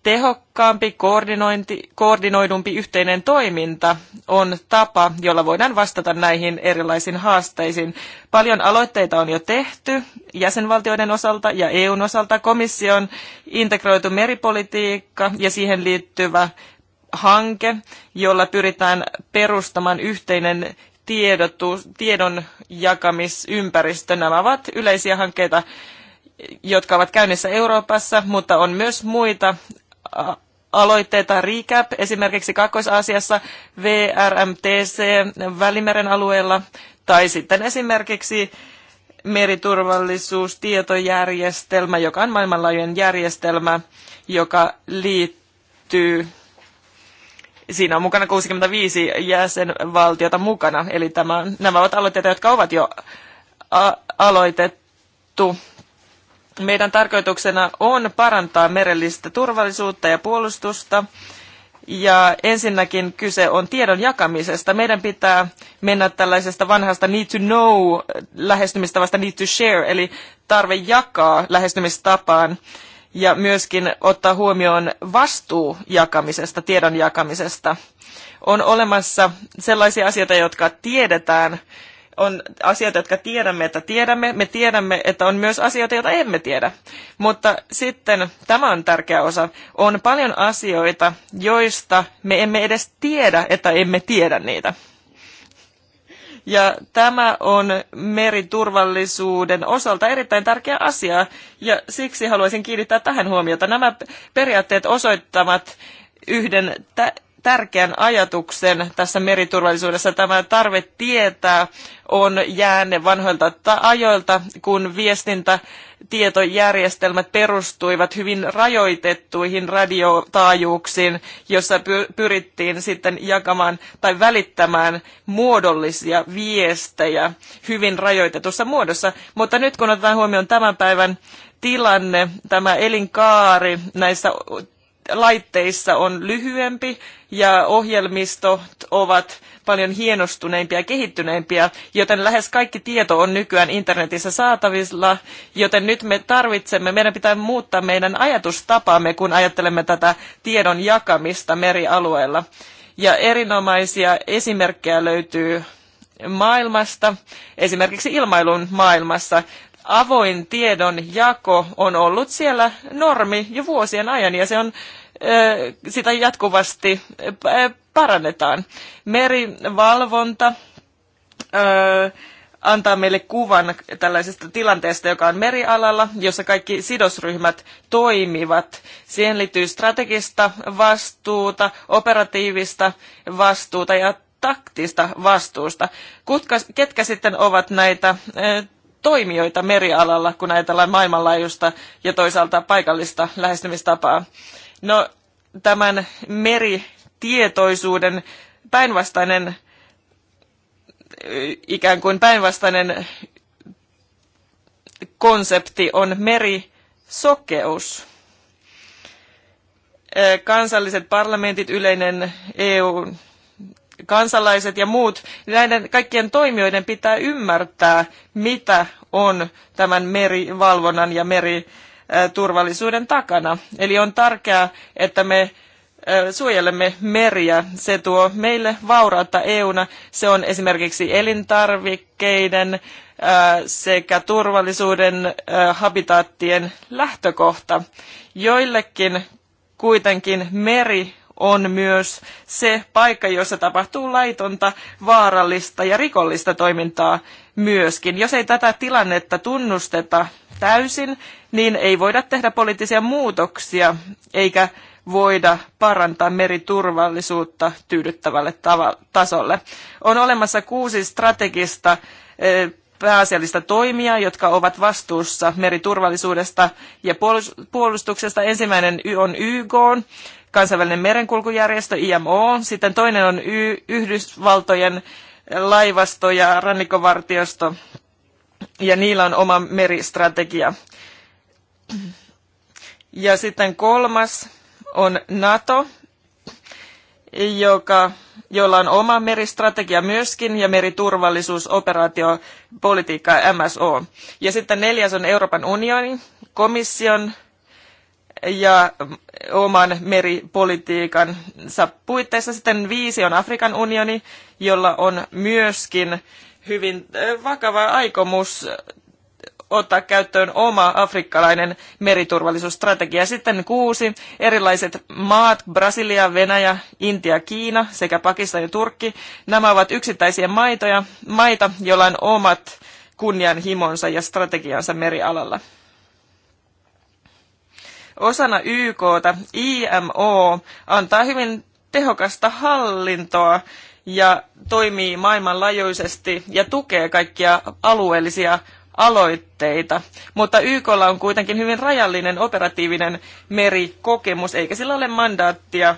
C: Tehokkaampi, koordinointi, koordinoidumpi yhteinen toiminta on tapa, jolla voidaan vastata näihin erilaisiin haasteisiin. Paljon aloitteita on jo tehty jäsenvaltioiden osalta ja EUn osalta. Komission integroitu meripolitiikka ja siihen liittyvä hanke, jolla pyritään perustamaan yhteinen tiedotus, tiedon jakamisympäristö. Nämä ovat yleisiä hankkeita, jotka ovat käynnissä Euroopassa, mutta on myös muita aloitteita RICAP, esimerkiksi kaakkois aasiassa VRMTC Välimeren alueella, tai sitten esimerkiksi meriturvallisuustietojärjestelmä, joka on maailmanlaajuinen järjestelmä, joka liittyy Siinä on mukana 65 jäsenvaltiota mukana, eli tämä, nämä ovat aloitteita, jotka ovat jo aloitettu. Meidän tarkoituksena on parantaa merellistä turvallisuutta ja puolustusta. Ja ensinnäkin kyse on tiedon jakamisesta. Meidän pitää mennä tällaisesta vanhasta need to know lähestymistavasta need to share, eli tarve jakaa lähestymistapaan ja myöskin ottaa huomioon vastuu jakamisesta, tiedon jakamisesta. On olemassa sellaisia asioita, jotka tiedetään, on asioita, jotka tiedämme, että tiedämme. Me tiedämme, että on myös asioita, joita emme tiedä. Mutta sitten, tämä on tärkeä osa, on paljon asioita, joista me emme edes tiedä, että emme tiedä niitä. Ja tämä on meriturvallisuuden osalta erittäin tärkeä asia, ja siksi haluaisin kiinnittää tähän huomiota. Nämä periaatteet osoittavat yhden tärkeän ajatuksen tässä meriturvallisuudessa. Tämä tarve tietää on jäänne vanhoilta ajoilta, kun viestintätietojärjestelmät perustuivat hyvin rajoitettuihin radiotaajuuksiin, jossa pyrittiin sitten jakamaan tai välittämään muodollisia viestejä hyvin rajoitetussa muodossa. Mutta nyt kun otetaan huomioon tämän päivän tilanne, tämä elinkaari näissä laitteissa on lyhyempi ja ohjelmistot ovat paljon hienostuneimpia ja kehittyneimpiä, joten lähes kaikki tieto on nykyään internetissä saatavilla, joten nyt me tarvitsemme, meidän pitää muuttaa meidän ajatustapaamme, kun ajattelemme tätä tiedon jakamista merialueella. Ja erinomaisia esimerkkejä löytyy maailmasta, esimerkiksi ilmailun maailmassa avoin tiedon jako on ollut siellä normi jo vuosien ajan ja se on sitä jatkuvasti parannetaan. Merivalvonta antaa meille kuvan tällaisesta tilanteesta, joka on merialalla, jossa kaikki sidosryhmät toimivat. Siihen liittyy strategista vastuuta, operatiivista vastuuta ja taktista vastuusta. ketkä sitten ovat näitä toimijoita merialalla, kun ajatellaan maailmanlaajuista ja toisaalta paikallista lähestymistapaa. No, tämän meritietoisuuden päinvastainen, ikään kuin päinvastainen konsepti on merisokeus. Kansalliset parlamentit, yleinen EU, kansalaiset ja muut, näiden kaikkien toimijoiden pitää ymmärtää, mitä on tämän merivalvonnan ja meriturvallisuuden takana. Eli on tärkeää, että me suojelemme meriä. Se tuo meille vaurautta EUna. Se on esimerkiksi elintarvikkeiden sekä turvallisuuden habitaattien lähtökohta. Joillekin kuitenkin meri on myös se paikka, jossa tapahtuu laitonta, vaarallista ja rikollista toimintaa myöskin. Jos ei tätä tilannetta tunnusteta täysin, niin ei voida tehdä poliittisia muutoksia eikä voida parantaa meriturvallisuutta tyydyttävälle tasolle. On olemassa kuusi strategista e, pääasiallista toimia, jotka ovat vastuussa meriturvallisuudesta ja puolustuksesta. Ensimmäinen on YK, kansainvälinen merenkulkujärjestö IMO, sitten toinen on y- Yhdysvaltojen laivasto ja rannikkovartiosto, ja niillä on oma meristrategia. Ja sitten kolmas on NATO, joka, jolla on oma meristrategia myöskin ja meriturvallisuusoperaatiopolitiikka MSO. Ja sitten neljäs on Euroopan unioni, komission ja oman meripolitiikansa puitteissa. Sitten viisi on Afrikan unioni, jolla on myöskin hyvin vakava aikomus ottaa käyttöön oma afrikkalainen meriturvallisuusstrategia. Sitten kuusi erilaiset maat, Brasilia, Venäjä, Intia, Kiina sekä Pakistan ja Turkki. Nämä ovat yksittäisiä maitoja, maita, joilla on omat kunnianhimonsa ja strategiansa merialalla. Osana YKta IMO antaa hyvin tehokasta hallintoa ja toimii maailmanlaajuisesti ja tukee kaikkia alueellisia aloitteita. Mutta YKlla on kuitenkin hyvin rajallinen operatiivinen merikokemus, eikä sillä ole mandaattia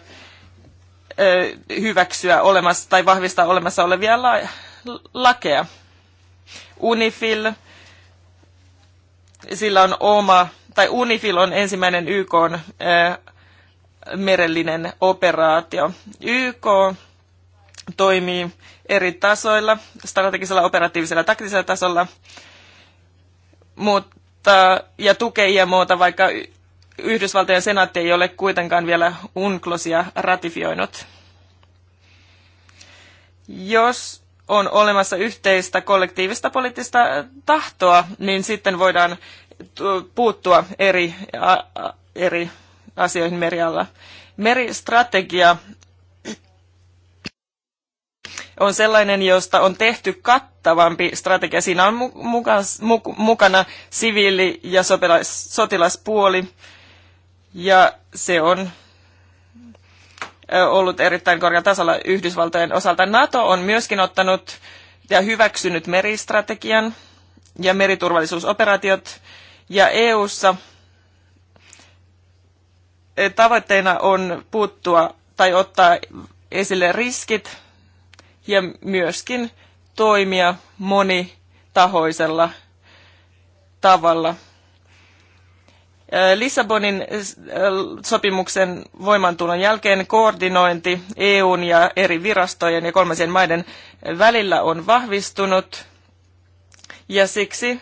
C: ö, hyväksyä olemassa tai vahvistaa olemassa olevia la, lakeja. Unifil, sillä on oma tai UNIFIL on ensimmäinen YK on, merellinen operaatio. YK toimii eri tasoilla, strategisella, operatiivisella ja taktisella tasolla, mutta, ja tukee IMOta, vaikka Yhdysvaltojen senaatti ei ole kuitenkaan vielä UNCLOSia ratifioinut. Jos on olemassa yhteistä kollektiivista poliittista tahtoa, niin sitten voidaan puuttua eri, a, a, eri asioihin merialla. Meristrategia on sellainen, josta on tehty kattavampi strategia. Siinä on mukana siviili- ja sotilaspuoli, ja se on ollut erittäin korkealla tasolla Yhdysvaltojen osalta. NATO on myöskin ottanut ja hyväksynyt meristrategian ja meriturvallisuusoperaatiot ja EU:ssa e, tavoitteena on puuttua tai ottaa esille riskit ja myöskin toimia monitahoisella tavalla. E, Lissabonin e, sopimuksen voimaantulon jälkeen koordinointi EUn ja eri virastojen ja kolmansien maiden välillä on vahvistunut ja siksi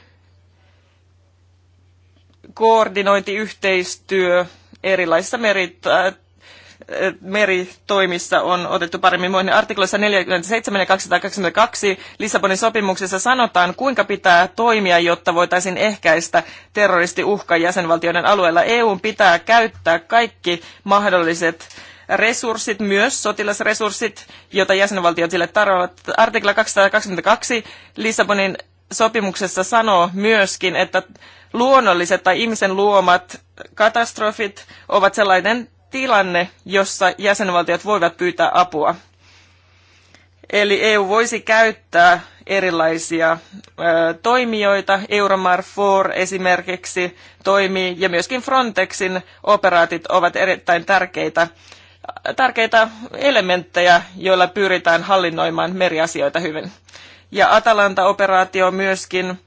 C: koordinointi, yhteistyö erilaisissa merit, äh, meritoimissa on otettu paremmin muihin. Artikloissa 47 ja 222 Lissabonin sopimuksessa sanotaan, kuinka pitää toimia, jotta voitaisiin ehkäistä terroristiuhka jäsenvaltioiden alueella. EUn pitää käyttää kaikki mahdolliset resurssit, myös sotilasresurssit, joita jäsenvaltiot sille tarvitsevat. Artikla 222 Lissabonin sopimuksessa sanoo myöskin, että luonnolliset tai ihmisen luomat katastrofit ovat sellainen tilanne, jossa jäsenvaltiot voivat pyytää apua. Eli EU voisi käyttää erilaisia ö, toimijoita. Euromar 4 esimerkiksi toimii ja myöskin Frontexin operaatit ovat erittäin tärkeitä, tärkeitä elementtejä, joilla pyritään hallinnoimaan meriasioita hyvin. Ja Atalanta-operaatio myöskin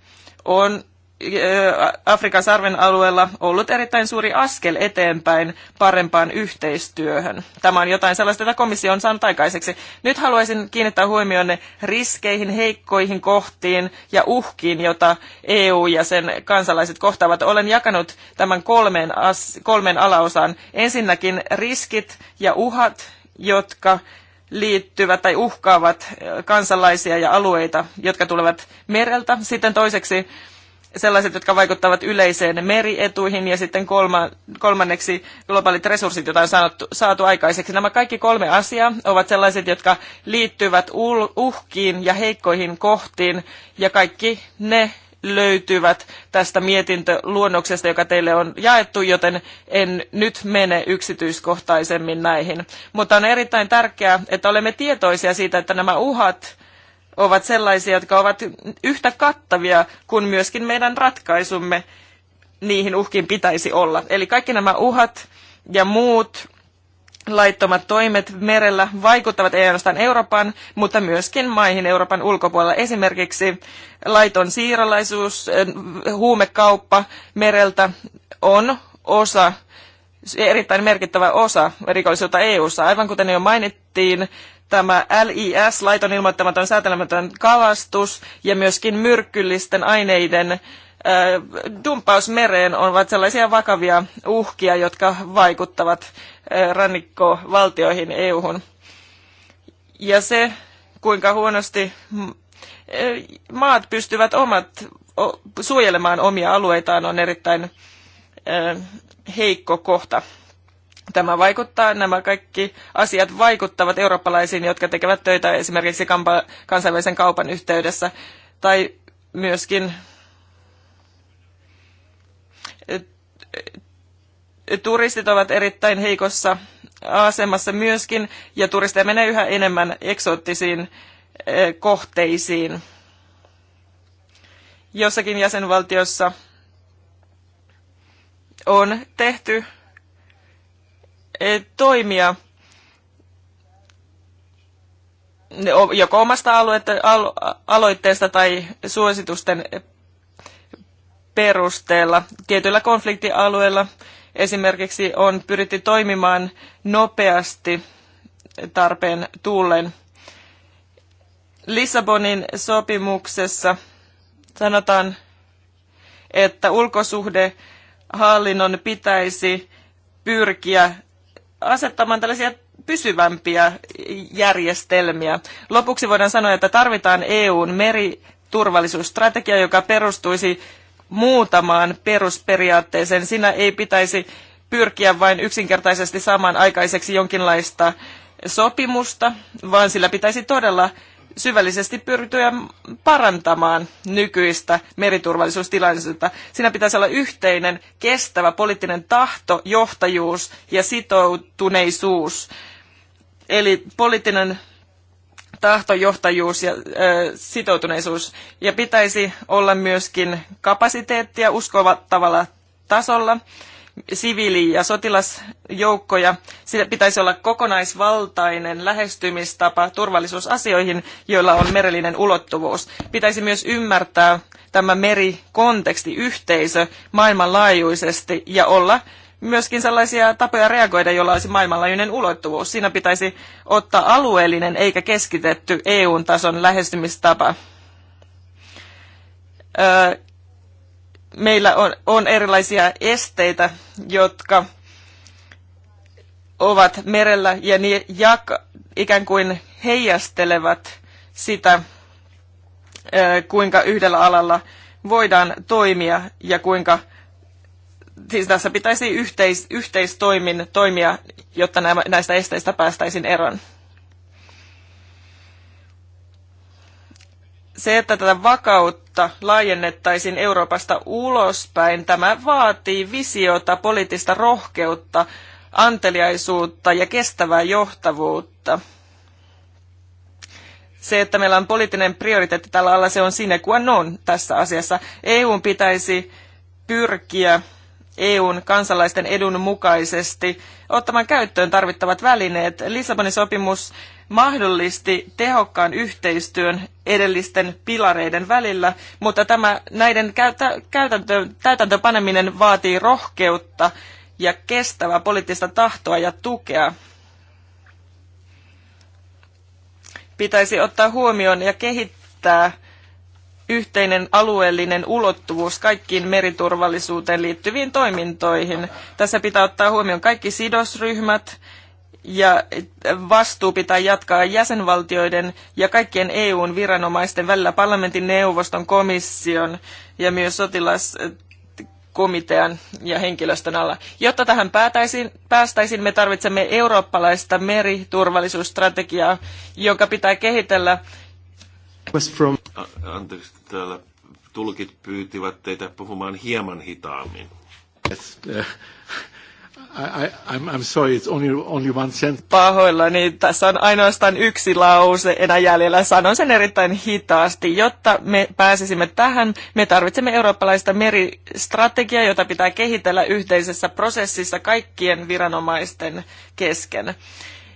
C: on äh, Afrikan sarven alueella ollut erittäin suuri askel eteenpäin parempaan yhteistyöhön. Tämä on jotain sellaista, jota komissio on saanut aikaiseksi. Nyt haluaisin kiinnittää huomionne riskeihin, heikkoihin kohtiin ja uhkiin, jota EU ja sen kansalaiset kohtaavat. Olen jakanut tämän kolmeen, as, kolmeen alaosaan. Ensinnäkin riskit ja uhat, jotka liittyvät tai uhkaavat kansalaisia ja alueita, jotka tulevat mereltä. Sitten toiseksi sellaiset, jotka vaikuttavat yleiseen merietuihin ja sitten kolma, kolmanneksi globaalit resurssit, joita on saatu, saatu aikaiseksi. Nämä kaikki kolme asiaa ovat sellaiset, jotka liittyvät uhkiin ja heikkoihin kohtiin ja kaikki ne löytyvät tästä mietintöluonnoksesta, joka teille on jaettu, joten en nyt mene yksityiskohtaisemmin näihin. Mutta on erittäin tärkeää, että olemme tietoisia siitä, että nämä uhat ovat sellaisia, jotka ovat yhtä kattavia kuin myöskin meidän ratkaisumme niihin uhkiin pitäisi olla. Eli kaikki nämä uhat ja muut laittomat toimet merellä vaikuttavat ei ainoastaan Euroopan, mutta myöskin maihin Euroopan ulkopuolella. Esimerkiksi laiton siirralaisuus, eh, huumekauppa mereltä on osa, erittäin merkittävä osa rikollisuutta EU:ssa. Aivan kuten jo mainittiin, tämä LIS, laiton ilmoittamaton säätelemätön kalastus ja myöskin myrkyllisten aineiden dumppaus mereen ovat sellaisia vakavia uhkia, jotka vaikuttavat rannikkovaltioihin EU-hun. Ja se, kuinka huonosti maat pystyvät omat suojelemaan omia alueitaan, on erittäin heikko kohta. Tämä vaikuttaa, nämä kaikki asiat vaikuttavat eurooppalaisiin, jotka tekevät töitä esimerkiksi kansainvälisen kaupan yhteydessä tai myöskin Turistit ovat erittäin heikossa asemassa myöskin, ja turisteja menee yhä enemmän eksoottisiin eh, kohteisiin. Jossakin jäsenvaltiossa on tehty eh, toimia joko omasta aloitteesta tai suositusten perusteella. Tietyillä konfliktialueilla esimerkiksi on pyritty toimimaan nopeasti tarpeen tullen. Lissabonin sopimuksessa sanotaan, että ulkosuhdehallinnon pitäisi pyrkiä asettamaan tällaisia pysyvämpiä järjestelmiä. Lopuksi voidaan sanoa, että tarvitaan EUn meriturvallisuusstrategia, joka perustuisi muutamaan perusperiaatteeseen. sinä ei pitäisi pyrkiä vain yksinkertaisesti saamaan aikaiseksi jonkinlaista sopimusta, vaan sillä pitäisi todella syvällisesti pyrkiä parantamaan nykyistä meriturvallisuustilannetta. Siinä pitäisi olla yhteinen, kestävä poliittinen tahto, johtajuus ja sitoutuneisuus. Eli poliittinen tahto johtajuus ja sitoutuneisuus. Ja pitäisi olla myöskin kapasiteettia uskovattavalla tasolla, siviili- ja sotilasjoukkoja. Sillä pitäisi olla kokonaisvaltainen lähestymistapa turvallisuusasioihin, joilla on merellinen ulottuvuus. Pitäisi myös ymmärtää tämä merikonteksti, yhteisö maailmanlaajuisesti ja olla myöskin sellaisia tapoja reagoida, joilla olisi maailmanlaajuinen ulottuvuus. Siinä pitäisi ottaa alueellinen eikä keskitetty EU-tason lähestymistapa. Meillä on, on erilaisia esteitä, jotka ovat merellä ja ne jak- ikään kuin heijastelevat sitä, kuinka yhdellä alalla voidaan toimia ja kuinka – siis tässä pitäisi yhteis, yhteistoimin toimia, jotta nämä, näistä esteistä päästäisiin eroon. Se, että tätä vakautta laajennettaisiin Euroopasta ulospäin, tämä vaatii visiota, poliittista rohkeutta, anteliaisuutta ja kestävää johtavuutta. Se, että meillä on poliittinen prioriteetti tällä alalla, se on sine qua non tässä asiassa. EUn pitäisi pyrkiä EUn kansalaisten edun mukaisesti ottamaan käyttöön tarvittavat välineet. Lissabonin sopimus mahdollisti tehokkaan yhteistyön edellisten pilareiden välillä, mutta tämä, näiden käytä, käytäntö, täytäntöpaneminen vaatii rohkeutta ja kestävää poliittista tahtoa ja tukea. Pitäisi ottaa huomioon ja kehittää yhteinen alueellinen ulottuvuus kaikkiin meriturvallisuuteen liittyviin toimintoihin. Tässä pitää ottaa huomioon kaikki sidosryhmät ja vastuu pitää jatkaa jäsenvaltioiden ja kaikkien EUn viranomaisten välillä parlamentin neuvoston komission ja myös sotilas komitean ja henkilöstön alla. Jotta tähän päätäisiin, päästäisiin, me tarvitsemme eurooppalaista meriturvallisuusstrategiaa, jonka pitää kehitellä
B: Anteeksi, täällä tulkit pyytivät teitä puhumaan hieman hitaammin. Yes. Uh, I, I'm, I'm sorry, it's only, only one sentence.
C: Pahoillani, tässä on ainoastaan yksi lause enää jäljellä. Sanon sen erittäin hitaasti. Jotta me pääsisimme tähän, me tarvitsemme eurooppalaista meristrategiaa, jota pitää kehitellä yhteisessä prosessissa kaikkien viranomaisten kesken.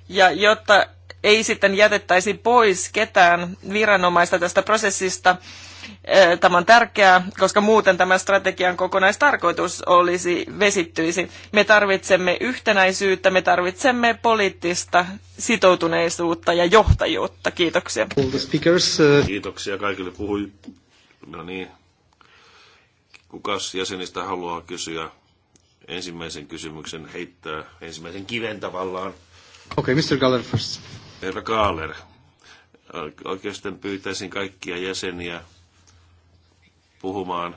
C: Ja jotta ei sitten jätettäisi pois ketään viranomaista tästä prosessista. Tämä on tärkeää, koska muuten tämä strategian kokonaistarkoitus olisi vesittyisi. Me tarvitsemme yhtenäisyyttä, me tarvitsemme poliittista sitoutuneisuutta ja johtajuutta. Kiitoksia.
B: Uh, Kiitoksia kaikille puhui. No niin. Kukas jäsenistä haluaa kysyä ensimmäisen kysymyksen, heittää ensimmäisen kiven tavallaan?
A: Okei, okay, Mr. Galler first.
B: Herra Kaaler, oikeastaan pyytäisin kaikkia jäseniä puhumaan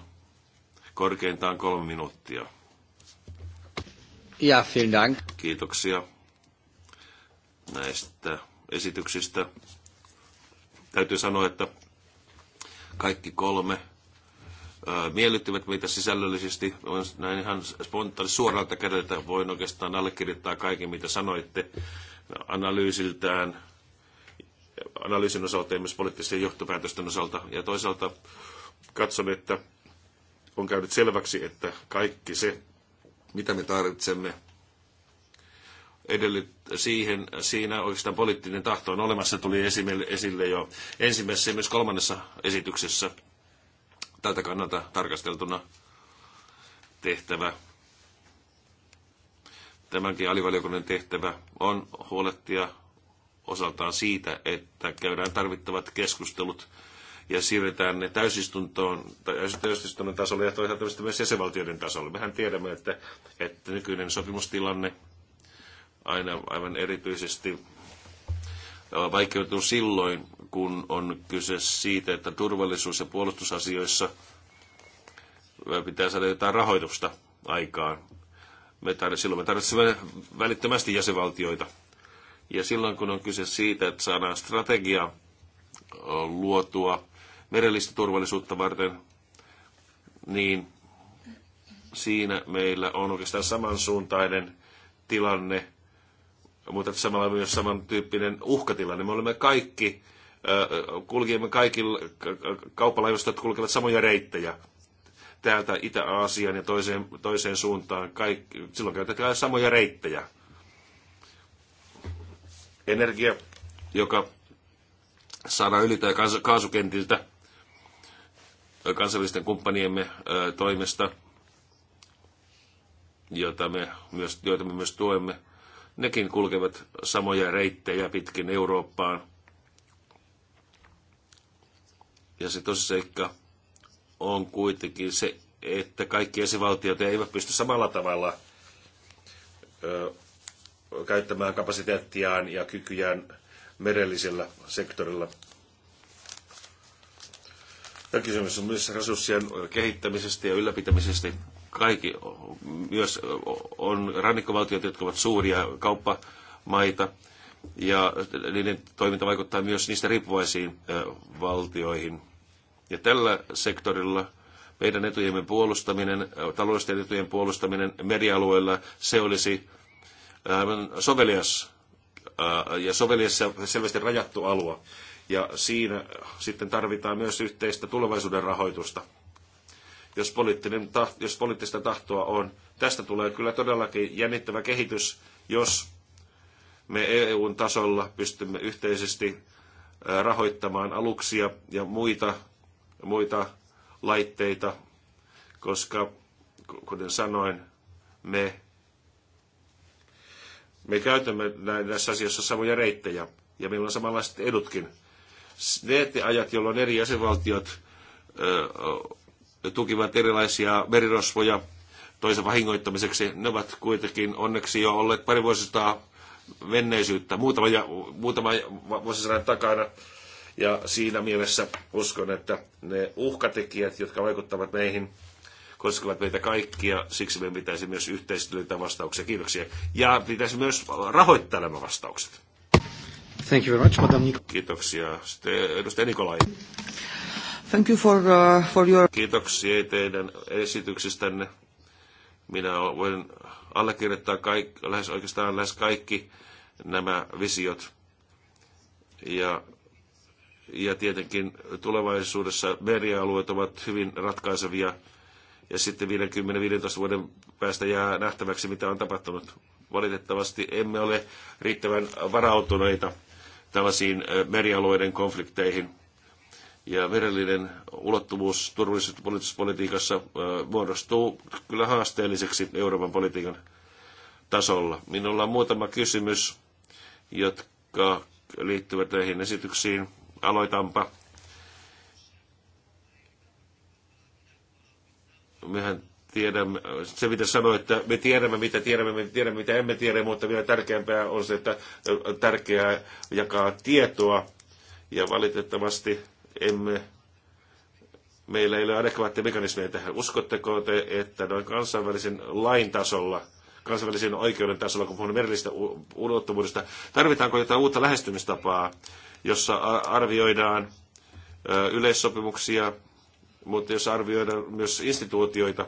B: korkeintaan kolme minuuttia. Ja, vielen dank. Kiitoksia näistä esityksistä. Täytyy sanoa, että kaikki kolme miellyttivät meitä sisällöllisesti. Näin ihan spontaan suoralta kädeltä voin oikeastaan allekirjoittaa kaiken, mitä sanoitte analyysiltään, analyysin osalta ja myös poliittisten johtopäätösten osalta. Ja toisaalta katson, että on käynyt selväksi, että kaikki se, mitä me tarvitsemme, edellyt siihen, siinä oikeastaan poliittinen tahto on olemassa, tuli esille jo ensimmäisessä ja myös kolmannessa esityksessä tältä kannalta tarkasteltuna tehtävä tämänkin alivaliokunnan tehtävä on huolehtia osaltaan siitä, että käydään tarvittavat keskustelut ja siirretään ne täysistuntoon, tai täysistunnon tasolle ja toisaalta myös jäsenvaltioiden tasolle. Mehän tiedämme, että, että nykyinen sopimustilanne aina aivan erityisesti vaikeutuu silloin, kun on kyse siitä, että turvallisuus- ja puolustusasioissa pitää saada jotain rahoitusta aikaan me tarvitsemme, silloin me tarvitsemme välittömästi jäsenvaltioita. Ja silloin kun on kyse siitä, että saadaan strategia luotua merellistä turvallisuutta varten, niin siinä meillä on oikeastaan samansuuntainen tilanne, mutta samalla myös samantyyppinen uhkatilanne. Me olemme kaikki, kulkemme kaikilla, kauppalaivastot kulkevat samoja reittejä täältä Itä-Aasian ja toiseen, toiseen suuntaan. kaik silloin käytetään samoja reittejä. Energia, joka saadaan tai kaasukentiltä kansainvälisten kumppaniemme toimesta, jota me myös, joita me myös tuemme, nekin kulkevat samoja reittejä pitkin Eurooppaan. Ja se tosiseikka, on kuitenkin se, että kaikki esivaltiot eivät pysty samalla tavalla ö, käyttämään kapasiteettiaan ja kykyjään merellisellä sektorilla. Tämä kysymys on myös resurssien kehittämisestä ja ylläpitämisestä. Kaikki myös on rannikkovaltiot, jotka ovat suuria kauppamaita, ja niiden toiminta vaikuttaa myös niistä riippuvaisiin valtioihin – ja tällä sektorilla meidän etujemme puolustaminen, äh, taloudellisten etujen puolustaminen merialueella, se olisi ähm, sovelias äh, ja sovelias ja selvästi rajattu alue. Ja siinä sitten tarvitaan myös yhteistä tulevaisuuden rahoitusta. Jos, poliittinen tahto, jos poliittista tahtoa on, tästä tulee kyllä todellakin jännittävä kehitys, jos me EUn tasolla pystymme yhteisesti äh, rahoittamaan aluksia ja muita muita laitteita, koska kuten sanoin, me, me käytämme näissä asioissa samoja reittejä ja meillä on samanlaiset edutkin. Ne ajat, jolloin eri jäsenvaltiot ö, tukivat erilaisia merirosvoja toisen vahingoittamiseksi, ne ovat kuitenkin onneksi jo olleet pari vuosisataa menneisyyttä, muutama, muutama vuosisadan takana ja siinä mielessä uskon, että ne uhkatekijät, jotka vaikuttavat meihin, koskevat meitä kaikkia. Siksi meidän pitäisi myös yhteistyötä vastauksia. Kiitoksia. Ja pitäisi myös rahoittaa nämä vastaukset.
A: Thank you very much, Madame Nik-
B: Kiitoksia. Sitten edustaja Nikolai.
C: Thank you for, uh, for your...
B: Kiitoksia teidän esityksistänne. Minä voin allekirjoittaa kaik- lähes, oikeastaan lähes kaikki nämä visiot. Ja ja tietenkin tulevaisuudessa merialueet ovat hyvin ratkaisevia ja sitten 50-15 vuoden päästä jää nähtäväksi, mitä on tapahtunut. Valitettavasti emme ole riittävän varautuneita tällaisiin merialueiden konflikteihin. Ja merellinen ulottuvuus turvallisuuspolitiikassa muodostuu kyllä haasteelliseksi Euroopan politiikan tasolla. Minulla on muutama kysymys, jotka liittyvät näihin esityksiin aloitanpa. Mehän tiedämme, se mitä sanoit, että me tiedämme mitä tiedämme, me tiedämme mitä emme tiedä, mutta vielä tärkeämpää on se, että tärkeää jakaa tietoa ja valitettavasti emme meillä ei ole adekvaatteja mekanismeja tähän. Uskotteko te, että noin kansainvälisen lain tasolla, kansainvälisen oikeuden tasolla, kun puhun merellisestä ulottuvuudesta, tarvitaanko jotain uutta lähestymistapaa jossa arvioidaan yleissopimuksia, mutta jos arvioidaan myös instituutioita,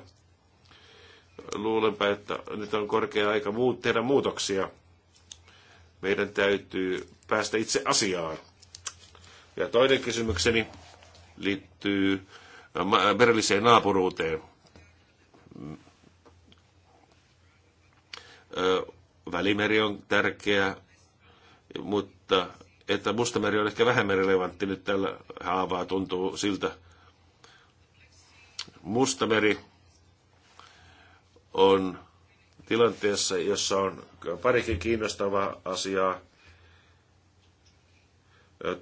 B: luulenpa, että nyt on korkea aika tehdä muutoksia. Meidän täytyy päästä itse asiaan. Ja toinen kysymykseni liittyy merelliseen naapuruuteen. Välimeri on tärkeä, mutta että Mustameri on ehkä vähemmän relevantti nyt tällä haavaa, tuntuu siltä. Mustameri on tilanteessa, jossa on parikin kiinnostavaa asiaa.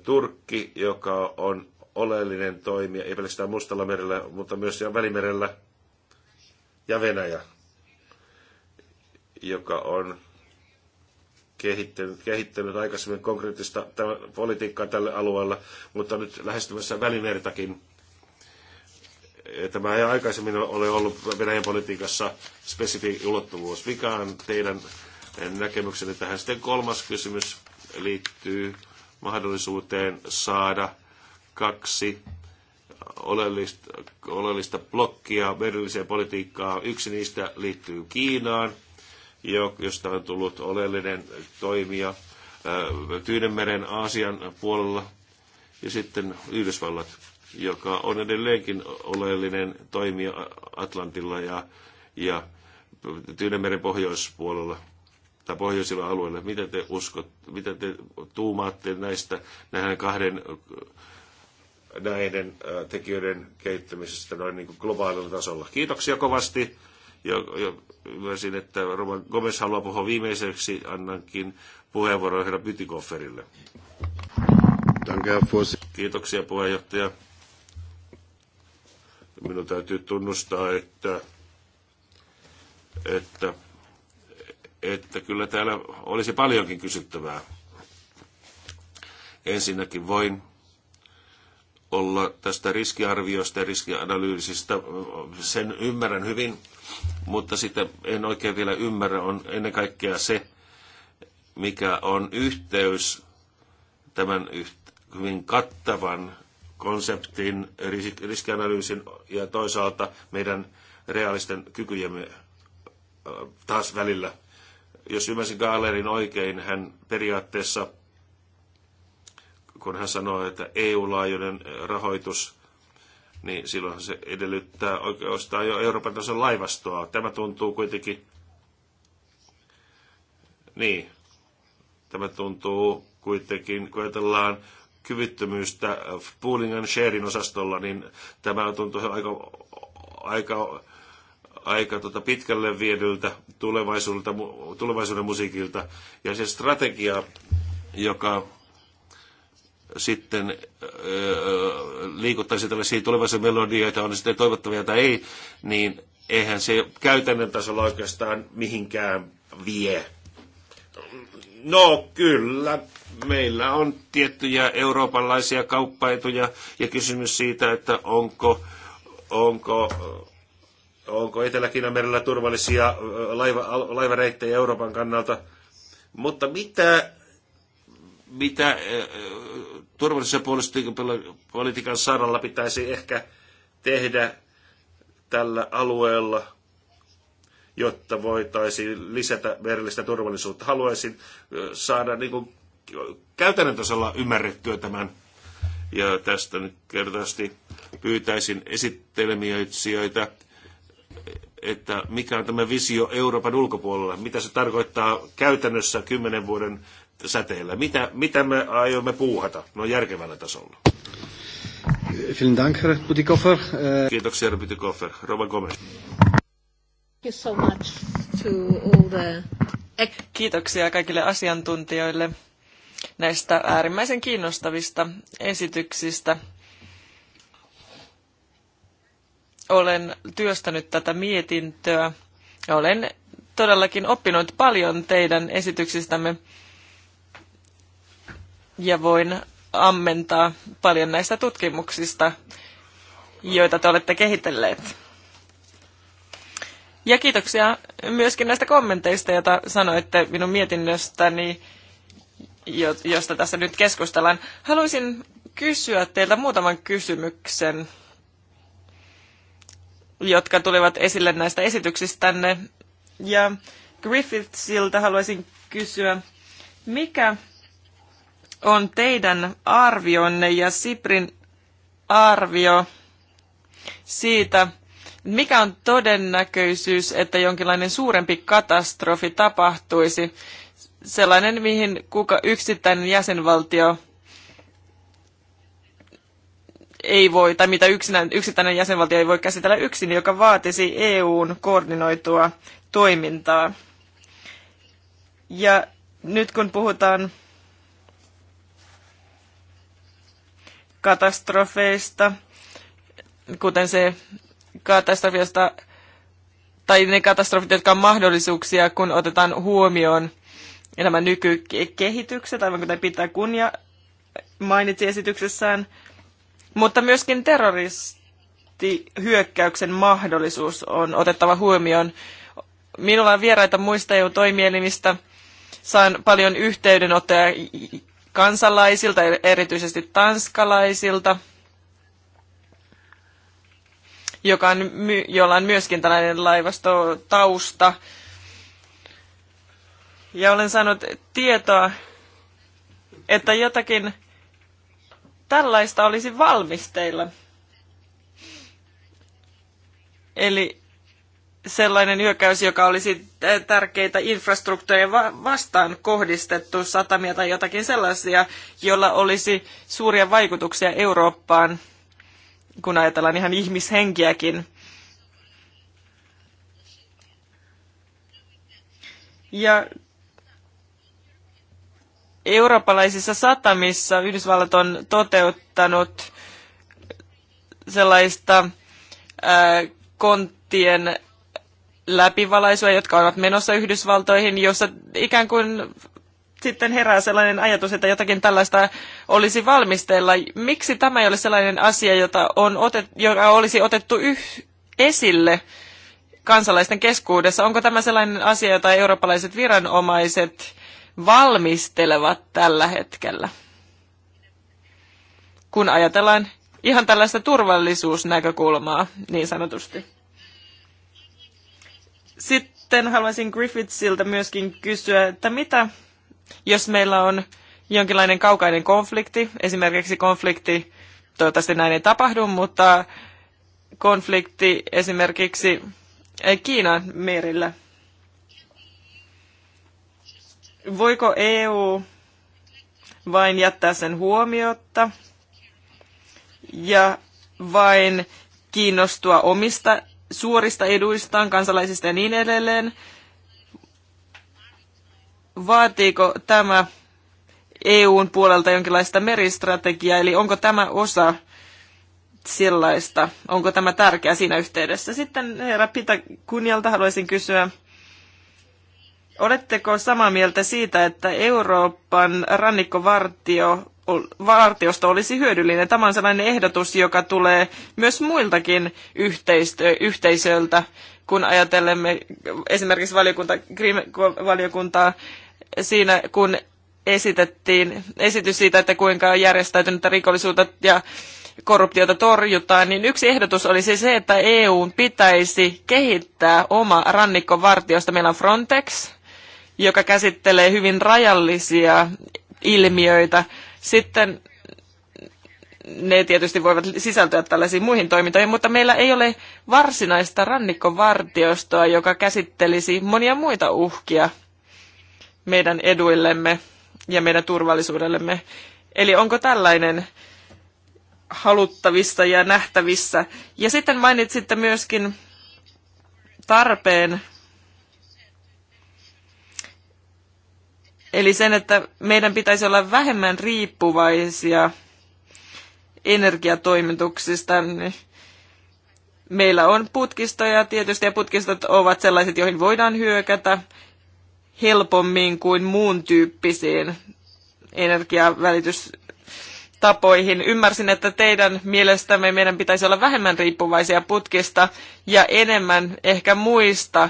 B: Turkki, joka on oleellinen toimija, ei pelkästään Mustalla merellä, mutta myös siellä Välimerellä, ja Venäjä, joka on kehittänyt, aikaisemmin konkreettista politiikkaa tälle alueella, mutta nyt lähestymässä välimertakin. Tämä ei aikaisemmin ole ollut Venäjän politiikassa spesifi ulottuvuus. Mikä on teidän näkemyksenne tähän? Sitten kolmas kysymys liittyy mahdollisuuteen saada kaksi oleellista, oleellista blokkia vedelliseen politiikkaan. Yksi niistä liittyy Kiinaan, josta on tullut oleellinen toimija äh, Tyynenmeren Aasian puolella, ja sitten Yhdysvallat, joka on edelleenkin oleellinen toimija Atlantilla ja, ja Tyynenmeren pohjoispuolella tai pohjoisilla alueilla. Mitä te uskot, mitä te tuumaatte näistä näiden kahden näiden äh, tekijöiden kehittämisestä, noin niin kuin globaalilla tasolla? Kiitoksia kovasti ja, ja ymmärsin, että Roman Gomez haluaa puhua viimeiseksi. Annankin puheenvuoron herra Pytikofferille. Kiitoksia puheenjohtaja. Minun täytyy tunnustaa, että, että, että kyllä täällä olisi paljonkin kysyttävää. Ensinnäkin voin olla tästä riskiarviosta ja riskianalyysistä. Sen ymmärrän hyvin. Mutta sitä en oikein vielä ymmärrä, on ennen kaikkea se, mikä on yhteys tämän hyvin kattavan konseptin, riskianalyysin ja toisaalta meidän realisten kykyjemme taas välillä. Jos ymmärsin Gaalerin oikein, hän periaatteessa, kun hän sanoi, että EU-laajuinen rahoitus niin silloin se edellyttää oikeastaan jo Euroopan tason laivastoa. Tämä tuntuu kuitenkin, niin, tämä tuntuu kuitenkin, kun ajatellaan kyvyttömyystä pooling and sharing osastolla, niin tämä tuntuu aika, aika, aika tota pitkälle viedyltä tulevaisuudelta, tulevaisuuden musiikilta. Ja se strategia, joka sitten liikuttaisi tällaisia tulevaisia melodioita, on ne sitten toivottavia tai ei, niin eihän se käytännön tasolla oikeastaan mihinkään vie. No kyllä, meillä on tiettyjä eurooppalaisia kauppaituja ja kysymys siitä, että onko, onko, onko Etelä-Kiinan merellä turvallisia laiva, laivareittejä Euroopan kannalta. Mutta mitä mitä eh, eh, turvallisuus- ja puolustuspolitiikan saralla pitäisi ehkä tehdä tällä alueella, jotta voitaisiin lisätä merellistä turvallisuutta. Haluaisin eh, saada niin kuin, käytännön tasolla ymmärrettyä tämän. Ja tästä nyt kertaasti pyytäisin esittelemiöitsijöitä, että mikä on tämä visio Euroopan ulkopuolella, mitä se tarkoittaa käytännössä kymmenen vuoden säteellä. Mitä, mitä me aiomme puuhata? No järkevällä tasolla.
A: Vielen Dank, Herr Butikoffer. Äh, Kiitoksia,
B: Herr Butikoffer. Rova Gomez.
A: So
C: the... Kiitoksia kaikille asiantuntijoille näistä äärimmäisen kiinnostavista esityksistä. Olen työstänyt tätä mietintöä ja olen todellakin oppinut paljon teidän esityksistämme ja voin ammentaa paljon näistä tutkimuksista, joita te olette kehitelleet. Ja kiitoksia myöskin näistä kommenteista, joita sanoitte minun mietinnöstäni, josta tässä nyt keskustellaan. Haluaisin kysyä teiltä muutaman kysymyksen, jotka tulivat esille näistä esityksistänne. Ja Griffithsiltä haluaisin kysyä, mikä on teidän arvionne ja Siprin arvio siitä, mikä on todennäköisyys, että jonkinlainen suurempi katastrofi tapahtuisi, sellainen, mihin kuka yksittäinen jäsenvaltio ei voi, tai mitä yksittäinen jäsenvaltio ei voi käsitellä yksin, joka vaatisi EUn koordinoitua toimintaa. Ja nyt kun puhutaan katastrofeista, kuten se katastrofista tai ne katastrofit, jotka on mahdollisuuksia, kun otetaan huomioon nämä nykykehitykset, aivan kuten pitää kunnia mainitsi esityksessään, mutta myöskin terroristihyökkäyksen mahdollisuus on otettava huomioon. Minulla on vieraita muista EU-toimielimistä, saan paljon yhteydenottoja kansalaisilta, erityisesti tanskalaisilta, joka on, jolla on myöskin tällainen laivastotausta. Ja olen saanut tietoa, että jotakin tällaista olisi valmisteilla. Eli sellainen hyökkäys, joka olisi eh, tärkeitä infrastruktuureja vastaan kohdistettu satamia tai jotakin sellaisia, jolla olisi suuria vaikutuksia Eurooppaan, kun ajatellaan ihan ihmishenkiäkin. Ja eurooppalaisissa satamissa Yhdysvallat on toteuttanut sellaista ää, eh, konttien läpivalaisuja, jotka ovat menossa Yhdysvaltoihin, jossa ikään kuin sitten herää sellainen ajatus, että jotakin tällaista olisi valmisteilla. Miksi tämä ei ole sellainen asia, jota on otet, joka olisi otettu yh, esille kansalaisten keskuudessa? Onko tämä sellainen asia, jota eurooppalaiset viranomaiset valmistelevat tällä hetkellä? Kun ajatellaan ihan tällaista turvallisuusnäkökulmaa, niin sanotusti. Sitten haluaisin Griffithsiltä myöskin kysyä, että mitä, jos meillä on jonkinlainen kaukainen konflikti, esimerkiksi konflikti, toivottavasti näin ei tapahdu, mutta konflikti esimerkiksi eh, Kiinan merillä. Voiko EU vain jättää sen huomiotta ja vain kiinnostua omista suorista eduistaan, kansalaisista ja niin edelleen. Vaatiiko tämä EUn puolelta jonkinlaista meristrategiaa, eli onko tämä osa sellaista, onko tämä tärkeä siinä yhteydessä? Sitten herra Pitä Kunjalta haluaisin kysyä, Oletteko samaa mieltä siitä, että Euroopan rannikkovartio vartiosta olisi hyödyllinen. Tämä on sellainen ehdotus, joka tulee myös muiltakin yhteistö, yhteisöiltä, kun ajatellemme esimerkiksi valiokunta, valiokuntaa siinä, kun esitettiin esitys siitä, että kuinka järjestäytynyttä rikollisuutta ja korruptiota torjutaan, niin yksi ehdotus olisi siis se, että EUn pitäisi kehittää oma rannikkovartiosta. Meillä on Frontex, joka käsittelee hyvin rajallisia ilmiöitä. Sitten ne tietysti voivat sisältyä tällaisiin muihin toimintoihin, mutta meillä ei ole varsinaista rannikkovartiostoa, joka käsittelisi monia muita uhkia meidän eduillemme ja meidän turvallisuudellemme. Eli onko tällainen haluttavissa ja nähtävissä? Ja sitten mainitsitte myöskin tarpeen Eli sen, että meidän pitäisi olla vähemmän riippuvaisia energiatoimituksista. Niin meillä on putkistoja tietysti, ja putkistot ovat sellaiset, joihin voidaan hyökätä helpommin kuin muun tyyppisiin energiavälitystapoihin. Ymmärsin, että teidän mielestämme meidän pitäisi olla vähemmän riippuvaisia putkista ja enemmän ehkä muista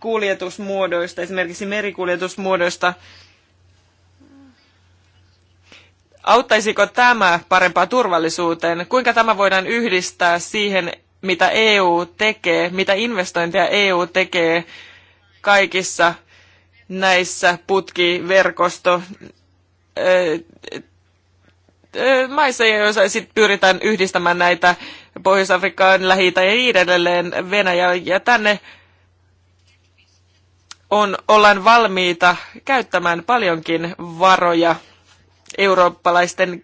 C: kuljetusmuodoista, esimerkiksi merikuljetusmuodoista. Auttaisiko tämä parempaa turvallisuuteen? Kuinka tämä voidaan yhdistää siihen, mitä EU tekee, mitä investointeja EU tekee kaikissa näissä putkiverkosto maissa, joissa sit pyritään yhdistämään näitä Pohjois-Afrikkaan, lähi ja niin edelleen Venäjä ja tänne on, ollaan valmiita käyttämään paljonkin varoja eurooppalaisten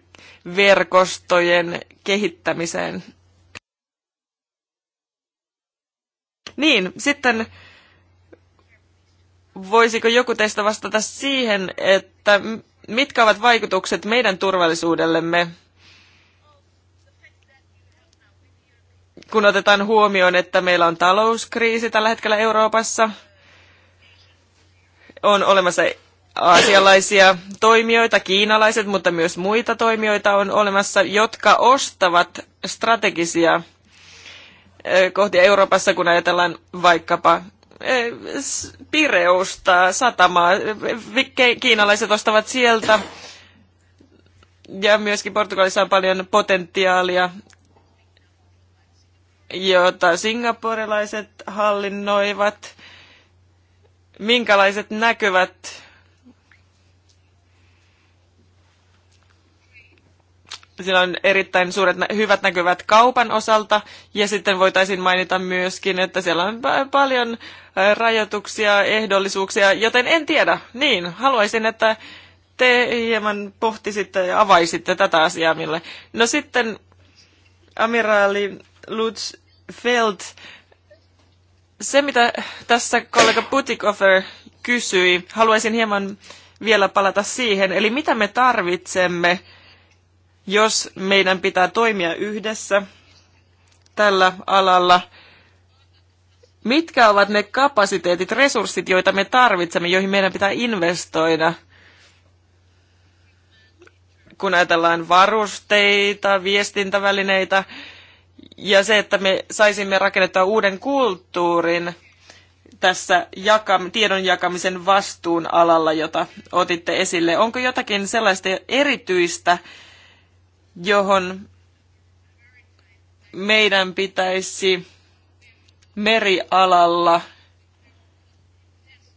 C: verkostojen kehittämiseen. Niin, sitten voisiko joku teistä vastata siihen, että mitkä ovat vaikutukset meidän turvallisuudellemme, kun otetaan huomioon, että meillä on talouskriisi tällä hetkellä Euroopassa – on olemassa aasialaisia toimijoita, kiinalaiset, mutta myös muita toimijoita on olemassa, jotka ostavat strategisia kohtia Euroopassa, kun ajatellaan vaikkapa Pireusta, satamaa. Kiinalaiset ostavat sieltä ja myöskin Portugalissa on paljon potentiaalia, jota singaporelaiset hallinnoivat minkälaiset näkyvät Siinä on erittäin suuret hyvät näkyvät kaupan osalta ja sitten voitaisiin mainita myöskin, että siellä on paljon rajoituksia, ehdollisuuksia, joten en tiedä. Niin, haluaisin, että te hieman pohtisitte ja avaisitte tätä asiaa mille. No sitten amiraali Lutz Feld se, mitä tässä kollega Putikofer kysyi, haluaisin hieman vielä palata siihen. Eli mitä me tarvitsemme, jos meidän pitää toimia yhdessä tällä alalla? Mitkä ovat ne kapasiteetit, resurssit, joita me tarvitsemme, joihin meidän pitää investoida? Kun ajatellaan varusteita, viestintävälineitä, ja se, että me saisimme rakennettua uuden kulttuurin tässä jakam, tiedon jakamisen vastuun alalla, jota otitte esille. Onko jotakin sellaista erityistä, johon meidän pitäisi merialalla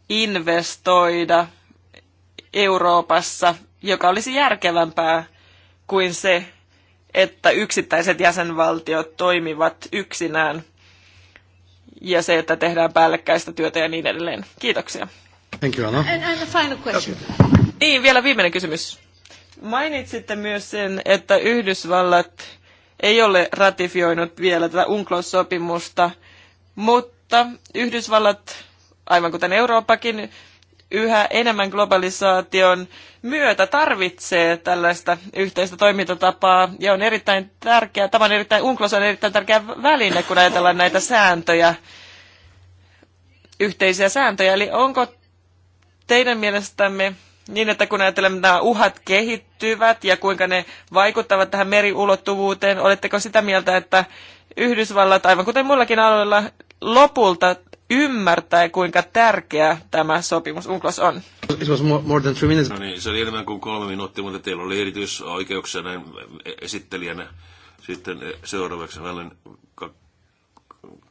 C: investoida Euroopassa, joka olisi järkevämpää kuin se, että yksittäiset jäsenvaltiot toimivat yksinään ja se, että tehdään päällekkäistä työtä ja niin edelleen. Kiitoksia. Thank you,
A: Anna. And, and final question.
C: Niin, vielä viimeinen kysymys. Mainitsitte myös sen, että Yhdysvallat ei ole ratifioinut vielä tätä UNCLOS-sopimusta, mutta Yhdysvallat, aivan kuten Euroopakin, yhä enemmän globalisaation myötä tarvitsee tällaista yhteistä toimintatapaa ja on erittäin tärkeä, tämä on erittäin, UNCLOS on erittäin tärkeä väline, kun ajatellaan näitä sääntöjä, yhteisiä sääntöjä. Eli onko teidän mielestämme niin, että kun ajatellaan, että nämä uhat kehittyvät ja kuinka ne vaikuttavat tähän meriulottuvuuteen, oletteko sitä mieltä, että Yhdysvallat, aivan kuten muillakin alueilla, lopulta ymmärtää, kuinka tärkeä tämä sopimus UNCLOS on.
A: It was more, than three minutes.
B: No niin, se oli enemmän kuin kolme minuuttia, mutta teillä oli erityisoikeuksia näin esittelijänä. Sitten eh, seuraavaksi olen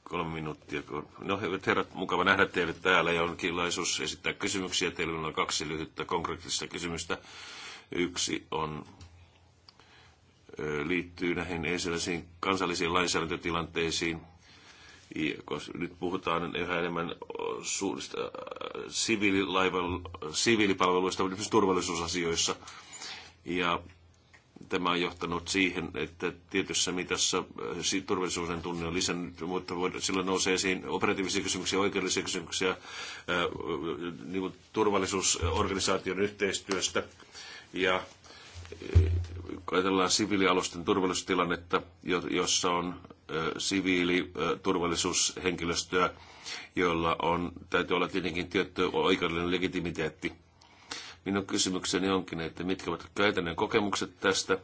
B: kolme minuuttia. No herrat, mukava nähdä teille täällä ja on tilaisuus esittää kysymyksiä. Teillä on kaksi lyhyttä konkreettista kysymystä. Yksi on eh, liittyy näihin ensimmäisiin kansallisiin lainsäädäntötilanteisiin – koska nyt puhutaan yhä enemmän suurista siviilipalveluista, esimerkiksi turvallisuusasioissa. Ja tämä on johtanut siihen, että tietyssä mitassa turvallisuuden tunne on lisännyt, mutta silloin nousee esiin operatiivisia kysymyksiä, oikeudellisia kysymyksiä niin kuin turvallisuusorganisaation yhteistyöstä. Ja ajatellaan siviilialusten turvallisuustilannetta, jossa on siviiliturvallisuushenkilöstöä, joilla on, täytyy olla tietenkin tietty oikeudellinen legitimiteetti. Minun kysymykseni onkin, että mitkä ovat käytännön kokemukset tästä,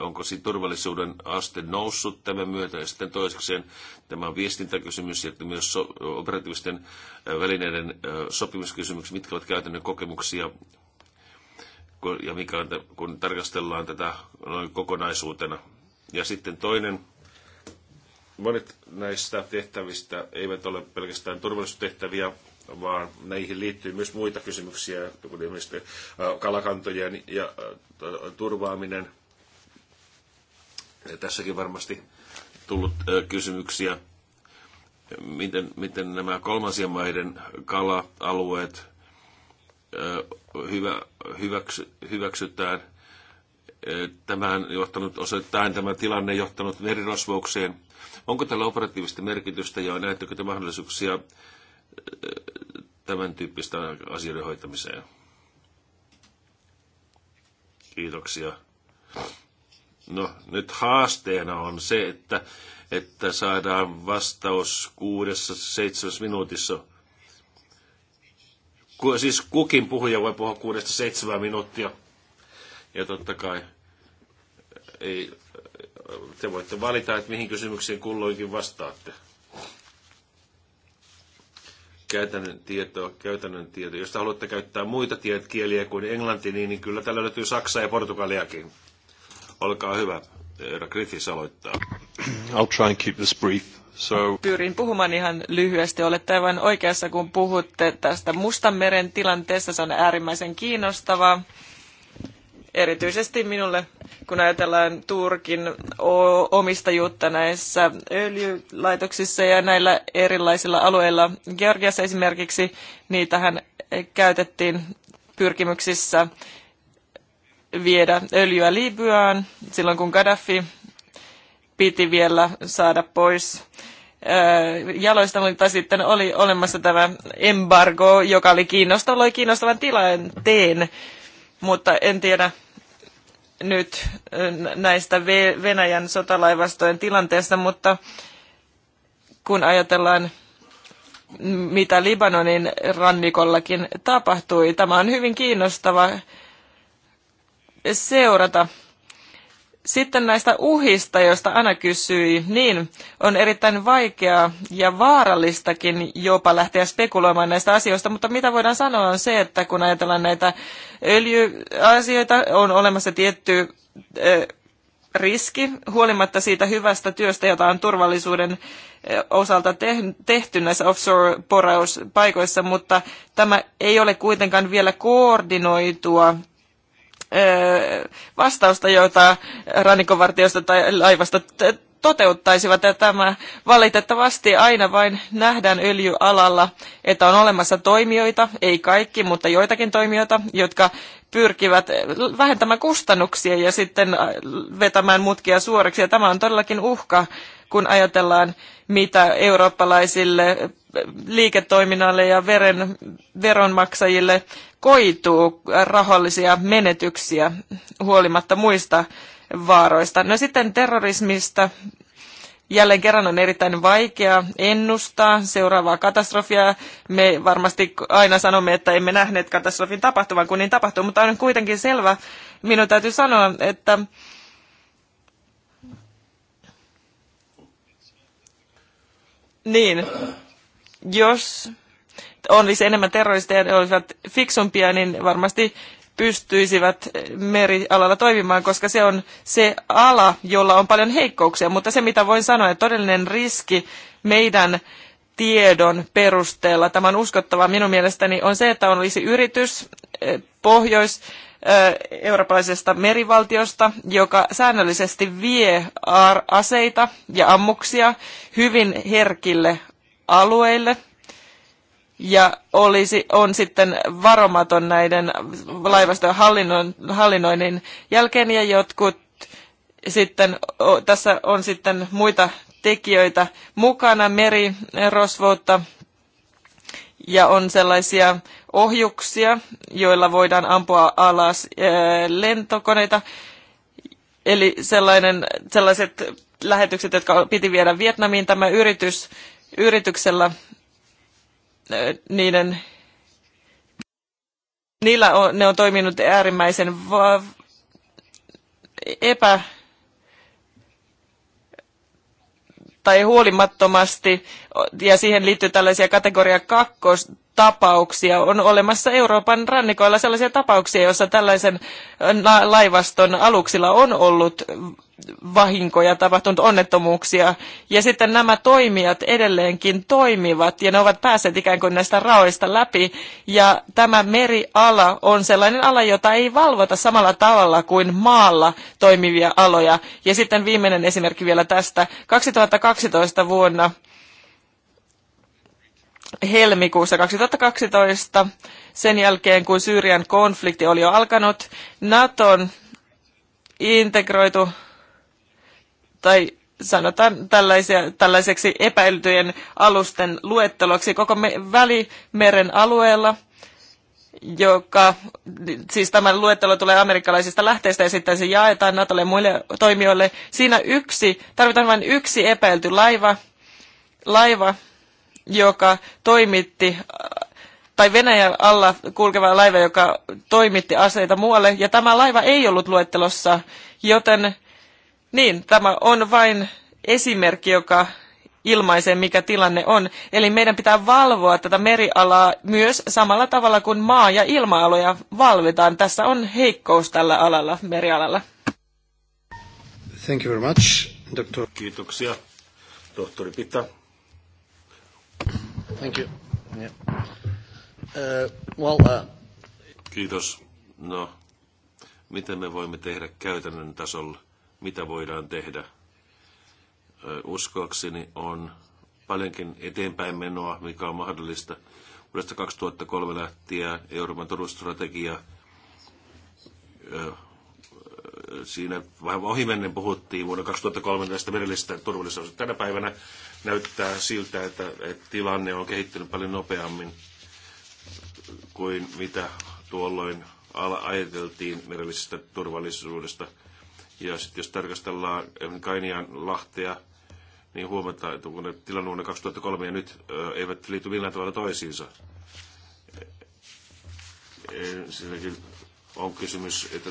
B: onko siinä turvallisuuden aste noussut tämän myötä, ja sitten toisekseen tämä on viestintäkysymys, ja myös so- operatiivisten välineiden sopimuskysymys, mitkä ovat käytännön kokemuksia, ja mikä on, kun tarkastellaan tätä noin kokonaisuutena. Ja sitten toinen Monet näistä tehtävistä eivät ole pelkästään turvallisuustehtäviä, vaan näihin liittyy myös muita kysymyksiä, kuten esimerkiksi kalakantojen ja turvaaminen. Ja tässäkin varmasti tullut kysymyksiä, miten, miten nämä kolmansien maiden kala-alueet hyvä, hyväksy, hyväksytään tämän, johtanut, osoittain tämä tilanne johtanut merirosvoukseen. Onko tällä operatiivista merkitystä ja näettekö te mahdollisuuksia äh, tämän tyyppistä asioiden hoitamiseen? Kiitoksia. No, nyt haasteena on se, että, että saadaan vastaus kuudessa, seitsemässä minuutissa. Ku, siis kukin puhuja voi puhua kuudesta seitsemän minuuttia. Ja totta kai ei, te voitte valita, että mihin kysymyksiin kulloinkin vastaatte. Käytännön tietoa, käytännön tietoa. Jos te haluatte käyttää muita tiet, kieliä kuin englanti, niin, niin kyllä täällä löytyy Saksa ja Portugaliakin.
C: Olkaa hyvä. Herra Griffiths aloittaa.
B: I'll try and keep this
C: brief. So... Pyrin puhumaan ihan lyhyesti. Olette aivan oikeassa, kun puhutte tästä Mustanmeren tilanteesta. Se on äärimmäisen kiinnostavaa erityisesti minulle, kun ajatellaan Turkin omistajuutta näissä öljylaitoksissa ja näillä erilaisilla alueilla. Georgiassa esimerkiksi niitähän käytettiin pyrkimyksissä viedä öljyä Libyaan silloin, kun Gaddafi piti vielä saada pois jaloista, mutta sitten oli olemassa tämä embargo, joka oli kiinnostava, oli kiinnostavan tilanteen mutta en tiedä nyt näistä Venäjän sotalaivastojen tilanteesta, mutta kun ajatellaan mitä Libanonin rannikollakin tapahtui. Tämä on hyvin kiinnostava seurata sitten näistä uhista, joista Anna kysyi, niin on erittäin vaikeaa ja vaarallistakin jopa lähteä spekuloimaan näistä asioista, mutta mitä voidaan sanoa on se, että kun ajatellaan näitä öljyasioita, on olemassa tietty riski, huolimatta siitä hyvästä työstä, jota on turvallisuuden osalta tehty näissä offshore-porauspaikoissa, mutta tämä ei ole kuitenkaan vielä koordinoitua vastausta, joita rannikkovartiosta tai laivasta toteuttaisivat. Ja tämä valitettavasti aina vain nähdään öljyalalla, että on olemassa toimijoita, ei kaikki, mutta joitakin toimijoita, jotka pyrkivät vähentämään kustannuksia ja sitten vetämään mutkia suoriksi. Ja tämä on todellakin uhka, kun ajatellaan, mitä eurooppalaisille liiketoiminnalle ja veren, veronmaksajille koituu rahollisia menetyksiä huolimatta muista vaaroista. No sitten terrorismista. Jälleen kerran on erittäin vaikea ennustaa seuraavaa katastrofia. Me varmasti aina sanomme, että emme nähneet katastrofin tapahtuvan, kun niin tapahtuu, mutta on kuitenkin selvä. Minun täytyy sanoa, että niin, jos olisi siis enemmän terroristeja ja olisivat fiksumpia, niin varmasti pystyisivät merialalla toimimaan, koska se on se ala, jolla on paljon heikkouksia. Mutta se, mitä voin sanoa, että todellinen riski meidän tiedon perusteella, tämä on uskottava minun mielestäni, on se, että on olisi yritys eh, pohjois eh, eurooppalaisesta merivaltiosta, joka säännöllisesti vie aseita ja ammuksia hyvin herkille alueille – ja olisi, on sitten varomaton näiden laivaston hallinnon, hallinnoinnin jälkeen ja jotkut sitten, tässä on sitten muita tekijöitä mukana, merirosvoutta ja on sellaisia ohjuksia, joilla voidaan ampua alas lentokoneita. Eli sellainen, sellaiset lähetykset, jotka piti viedä Vietnamiin, tämä yritys, yrityksellä niiden, niillä on, ne on toiminut äärimmäisen va- epä tai huolimattomasti, ja siihen liittyy tällaisia kategoria kakkostapauksia. On olemassa Euroopan rannikoilla sellaisia tapauksia, joissa tällaisen laivaston aluksilla on ollut vahinkoja, tapahtunut onnettomuuksia. Ja sitten nämä toimijat edelleenkin toimivat ja ne ovat päässeet ikään kuin näistä raoista läpi. Ja tämä meriala on sellainen ala, jota ei valvota samalla tavalla kuin maalla toimivia aloja. Ja sitten viimeinen esimerkki vielä tästä. 2012 vuonna helmikuussa 2012, sen jälkeen kun Syyrian konflikti oli jo alkanut, Naton integroitu tai sanotaan tällaisia, tällaiseksi epäiltyjen alusten luetteloksi koko me, Välimeren alueella, joka, siis tämä luettelo tulee amerikkalaisista lähteistä ja sitten se jaetaan Natolle ja muille toimijoille. Siinä yksi, tarvitaan vain yksi epäilty laiva, laiva joka toimitti tai Venäjän alla kulkeva laiva, joka toimitti aseita muualle, ja tämä laiva ei ollut luettelossa, joten niin, tämä on vain esimerkki, joka ilmaisee, mikä tilanne on. Eli meidän pitää valvoa tätä merialaa myös samalla tavalla kuin maa- ja ilma-aloja valvitaan. Tässä on heikkous tällä alalla, merialalla.
B: Thank you very much, doctor. Kiitoksia, tohtori Pitta. Thank you. Yeah. Uh, well, uh... Kiitos. No, miten me voimme tehdä käytännön tasolla? mitä voidaan tehdä. Uskoakseni on paljonkin eteenpäin menoa, mikä on mahdollista. Vuodesta 2003 lähtien Euroopan turvallisuusstrategia siinä vähän ohimennen puhuttiin vuonna 2003 näistä merellisistä turvallisuudesta. Tänä päivänä näyttää siltä, että, että tilanne on kehittynyt paljon nopeammin kuin mitä tuolloin ajateltiin merellisestä turvallisuudesta – ja sitten jos tarkastellaan Kainian lahtea, niin huomataan, että kun ne tilanne vuonna 2003 ja nyt eivät liity millään tavalla toisiinsa. E, Siinäkin on kysymys, että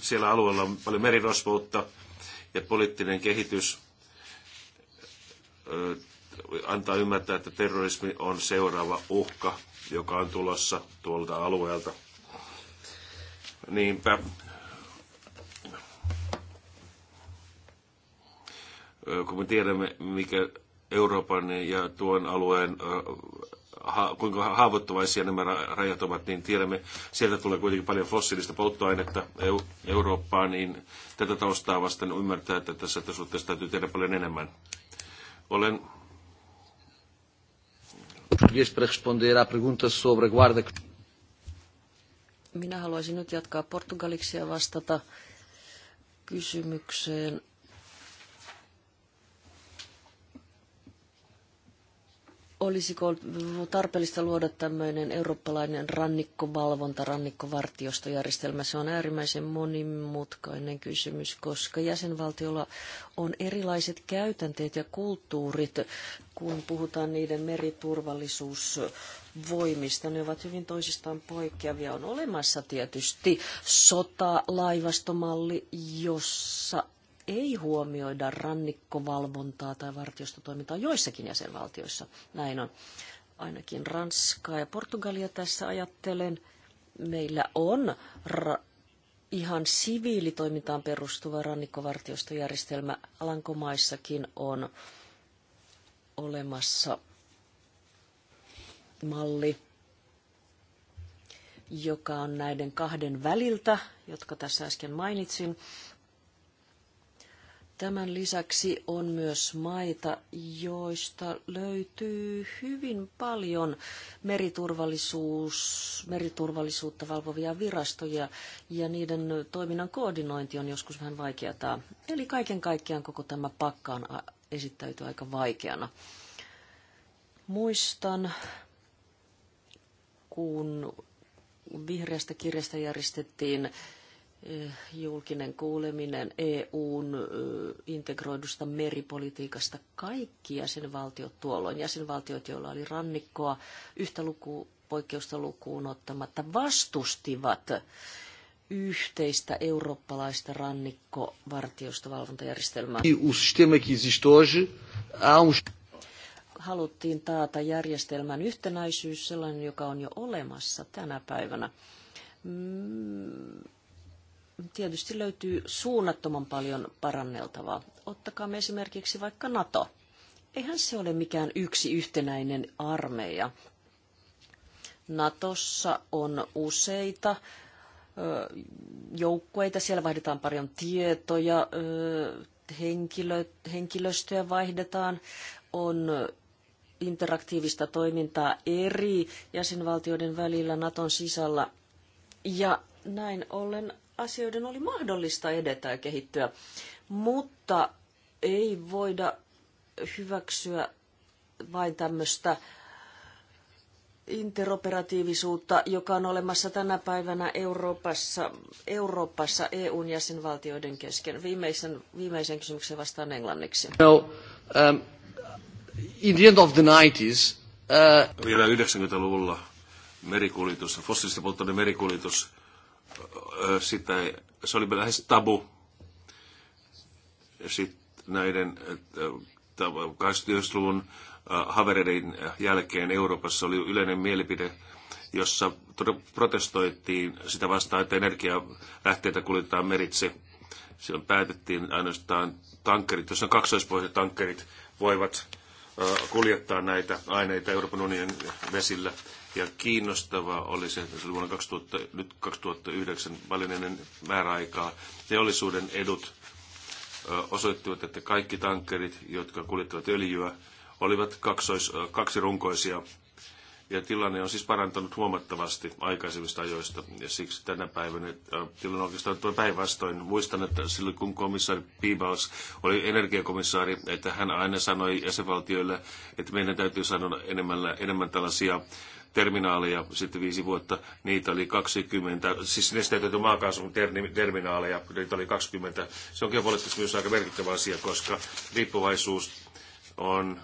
B: siellä alueella on paljon merirosvoutta ja poliittinen kehitys antaa ymmärtää, että terrorismi on seuraava uhka, joka on tulossa tuolta alueelta. Niinpä kun tiedämme, mikä Euroopan ja tuon alueen kuinka haavoittuvaisia nämä rajat ovat, niin tiedämme, sieltä tulee kuitenkin paljon fossiilista polttoainetta Eurooppaan, niin tätä taustaa vasten ymmärtää, että tässä suhteessa täytyy tehdä paljon enemmän. Olen
A: minä haluaisin nyt jatkaa portugaliksi ja vastata kysymykseen olisiko tarpeellista luoda tämmöinen eurooppalainen rannikkovalvonta, rannikkovartiostojärjestelmä? Se on äärimmäisen monimutkainen kysymys, koska jäsenvaltiolla on erilaiset käytänteet ja kulttuurit, kun puhutaan niiden meriturvallisuus voimista. Ne ovat hyvin toisistaan poikkeavia. On olemassa tietysti sota-laivastomalli, jossa ei huomioida rannikkovalvontaa tai vartiostotoimintaa joissakin jäsenvaltioissa. Näin on. Ainakin Ranskaa ja Portugalia tässä ajattelen. Meillä on ihan siviilitoimintaan perustuva rannikkovartiostojärjestelmä. Alankomaissakin on olemassa malli, joka on näiden kahden väliltä, jotka tässä äsken mainitsin. Tämän lisäksi on myös maita, joista löytyy hyvin paljon meriturvallisuus, meriturvallisuutta valvovia virastoja ja niiden toiminnan koordinointi on joskus vähän vaikeaa. Eli kaiken kaikkiaan koko tämä pakka on esittäyty aika vaikeana. Muistan, kun vihreästä kirjasta järjestettiin julkinen kuuleminen EUn integroidusta meripolitiikasta. Kaikki jäsenvaltiot tuolloin, jäsenvaltiot, joilla oli rannikkoa, yhtä luku, poikkeusta lukuun ottamatta, vastustivat yhteistä eurooppalaista rannikkovartiosta valvontajärjestelmää. E um Haluttiin taata järjestelmän yhtenäisyys, sellainen, joka on jo olemassa tänä päivänä mm, tietysti löytyy suunnattoman paljon paranneltavaa. me esimerkiksi vaikka NATO. Eihän se ole mikään yksi yhtenäinen armeija. Natossa on useita joukkueita, siellä vaihdetaan paljon tietoja, henkilö, henkilöstöä vaihdetaan, on interaktiivista toimintaa eri jäsenvaltioiden välillä Naton sisällä. Ja näin ollen asioiden oli mahdollista edetä ja kehittyä, mutta ei voida hyväksyä vain tämmöistä interoperatiivisuutta, joka on olemassa tänä päivänä Euroopassa, Euroopassa EUn jäsenvaltioiden kesken. Viimeisen, viimeisen kysymyksen vastaan englanniksi. No, um, in the end of the 90s,
B: uh... Vielä 90-luvulla merikuljetus, fossiilisten polttoaineiden merikuljetus sitä, se oli lähes tabu sitten näiden 80-luvun havereiden jälkeen Euroopassa oli yleinen mielipide, jossa protestoitiin sitä vastaan, että energialähteitä kuljetetaan meritse. Silloin päätettiin ainoastaan tankkerit, jos on kaksoispohjaiset tankkerit, voivat kuljettaa näitä aineita Euroopan unionin vesillä. Ja kiinnostavaa oli se, että se oli vuonna 2000, nyt 2009 paljon ennen määräaikaa. Teollisuuden edut osoittivat, että kaikki tankkerit, jotka kuljettavat öljyä, olivat kaksois, kaksirunkoisia. Ja tilanne on siis parantanut huomattavasti aikaisemmista ajoista. Ja siksi tänä päivänä tilanne oikeastaan tuo päinvastoin. Muistan, että silloin kun komissaari Peebles oli energiakomissaari, että hän aina sanoi jäsenvaltioille, että meidän täytyy saada enemmän, enemmän tällaisia terminaaleja sitten viisi vuotta, niitä oli 20, siis nesteytetty maakaasun terminaaleja, niitä oli 20. Se on geopoliittisesti myös aika merkittävä asia, koska riippuvaisuus on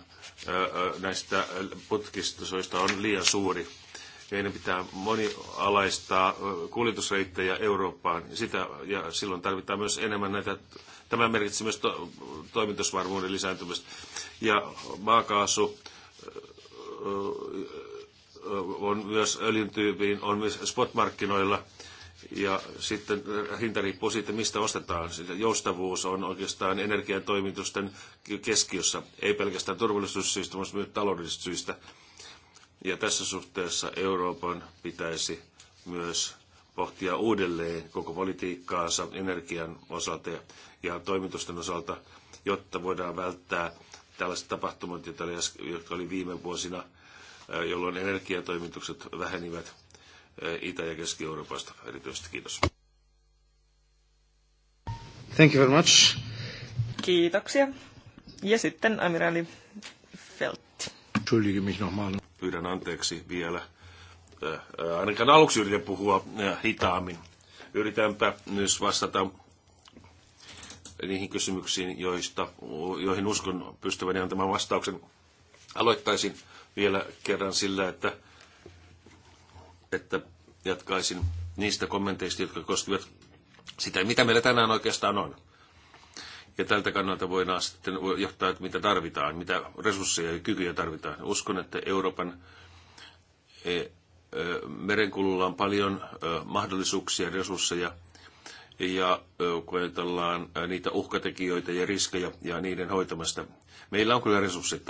B: näistä putkistosoista on liian suuri. Meidän pitää monialaistaa kuljetusreittejä Eurooppaan. Sitä, ja silloin tarvitaan myös enemmän näitä Tämä merkitsee myös to- toimitusvarmuuden lisääntymistä. Ja maakaasu on myös öljyntyypiin, on myös spotmarkkinoilla. Ja sitten äh, hinta riippuu siitä, mistä ostetaan. Sitä joustavuus on oikeastaan energiantoimitusten keskiössä, ei pelkästään turvallisuussyistä, vaan myös taloudellisista syistä. Ja tässä suhteessa Euroopan pitäisi myös pohtia uudelleen koko politiikkaansa energian osalta ja toimitusten osalta, jotta voidaan välttää tällaiset tapahtumat, jotka oli viime vuosina – jolloin energiatoimitukset vähenivät Itä- ja Keski-Euroopasta erityisesti. Kiitos.
A: Thank you very much.
C: Kiitoksia. Ja sitten amiraali Feltti.
B: mich nochmal. Pyydän anteeksi vielä. Ainakaan aluksi yritän puhua hitaammin. Yritänpä myös vastata niihin kysymyksiin, joista, joihin uskon pystyväni antamaan vastauksen. Aloittaisin vielä kerran sillä, että, että jatkaisin niistä kommenteista, jotka koskivat sitä, mitä meillä tänään oikeastaan on. Ja tältä kannalta voidaan sitten johtaa, että mitä tarvitaan, mitä resursseja ja kykyjä tarvitaan. Uskon, että Euroopan e, e, merenkululla on paljon e, mahdollisuuksia ja resursseja, ja kun ajatellaan niitä uhkatekijöitä ja riskejä ja niiden hoitamista, meillä on kyllä resurssit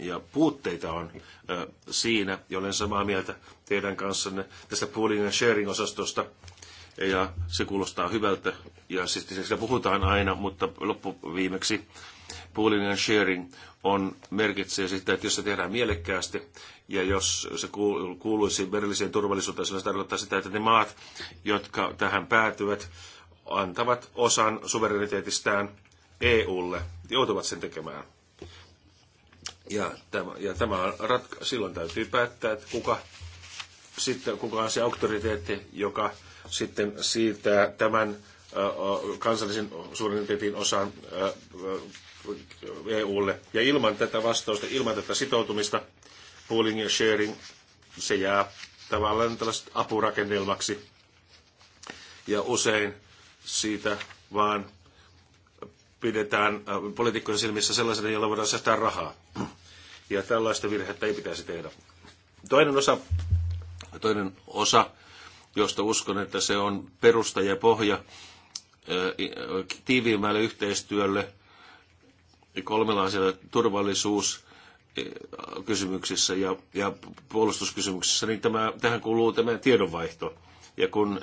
B: ja puutteita on siinä, ja olen samaa mieltä teidän kanssanne tästä pooling and sharing-osastosta, ja se kuulostaa hyvältä, ja sitten siis siitä puhutaan aina, mutta loppuviimeksi pooling and sharing on, merkitsee sitä, että jos se tehdään mielekkäästi, ja jos se kuuluisi merelliseen turvallisuuteen, se tarkoittaa sitä, että ne maat, jotka tähän päätyvät, antavat osan suvereniteetistään EUlle, joutuvat sen tekemään. Ja tämä, ja tämä ratka- silloin täytyy päättää, että kuka, sitten, kuka on se auktoriteetti, joka sitten siirtää tämän kansallisen suvereniteetin osan EUlle. Ja ilman tätä vastausta, ilman tätä sitoutumista, pooling ja sharing, se jää tavallaan tällaista apurakennelmaksi. Ja usein siitä vaan pidetään äh, poliitikkojen silmissä sellaisena, jolla voidaan säästää rahaa. Ja tällaista virhettä ei pitäisi tehdä. Toinen osa, toinen osa josta uskon, että se on perusta ja pohja äh, tiiviimmälle yhteistyölle kolmella asialla turvallisuus äh, kysymyksissä ja, ja puolustuskysymyksissä, niin tämä, tähän kuuluu tämä tiedonvaihto. Ja kun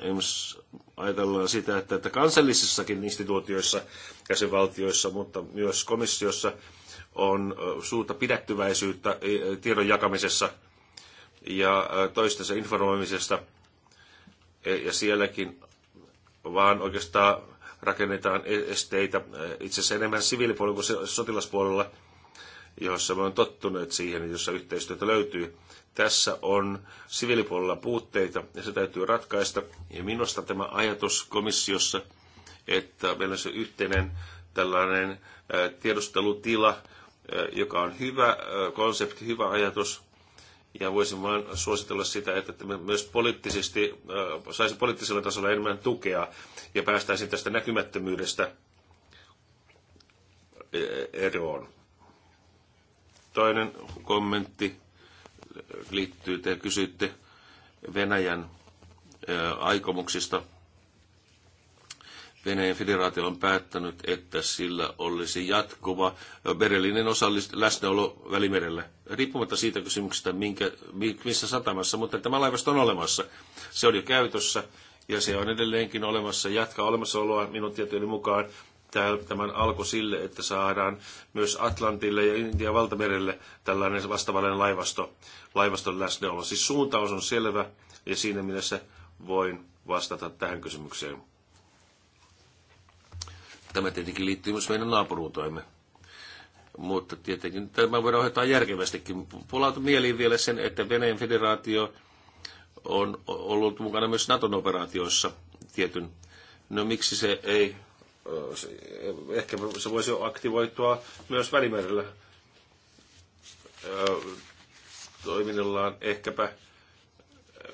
B: ajatellaan sitä, että, että kansallisissakin instituutioissa, jäsenvaltioissa, mutta myös komissiossa on suurta pidättyväisyyttä e, e, tiedon jakamisessa ja toistensa informoimisesta, e, ja sielläkin vaan oikeastaan rakennetaan esteitä itse asiassa enemmän siviilipuolella kuin sotilaspuolella – joissa me on tottuneet siihen, jossa yhteistyötä löytyy. Tässä on siviilipuolella puutteita ja se täytyy ratkaista. Ja minusta tämä ajatus komissiossa, että meillä on se yhteinen tällainen tiedustelutila, joka on hyvä konsepti, hyvä ajatus, ja voisin vain suositella sitä, että me myös poliittisesti, saisi poliittisella tasolla enemmän tukea ja päästäisiin tästä näkymättömyydestä eroon. Toinen kommentti liittyy, te kysyitte Venäjän aikomuksista. Venäjän federaatio on päättänyt, että sillä olisi jatkuva merellinen osallist- läsnäolo Välimerellä, riippumatta siitä kysymyksestä, minkä, missä satamassa, mutta tämä laivasto on olemassa. Se on jo käytössä ja se on edelleenkin olemassa, jatkaa olemassaoloa minun tietojeni mukaan tämän alku sille, että saadaan myös Atlantille ja Intian valtamerelle tällainen vastavallinen laivasto, laivaston läsnäolo. Siis suuntaus on selvä ja siinä mielessä voin vastata tähän kysymykseen. Tämä tietenkin liittyy myös meidän naapuruutoimme. Mutta tietenkin tämä voidaan ohjata järkevästikin. Palautu mieliin vielä sen, että Venäjän federaatio on ollut mukana myös Naton operaatioissa tietyn. No miksi se ei ehkä se voisi aktivoitua myös välimerellä toiminnallaan ehkäpä,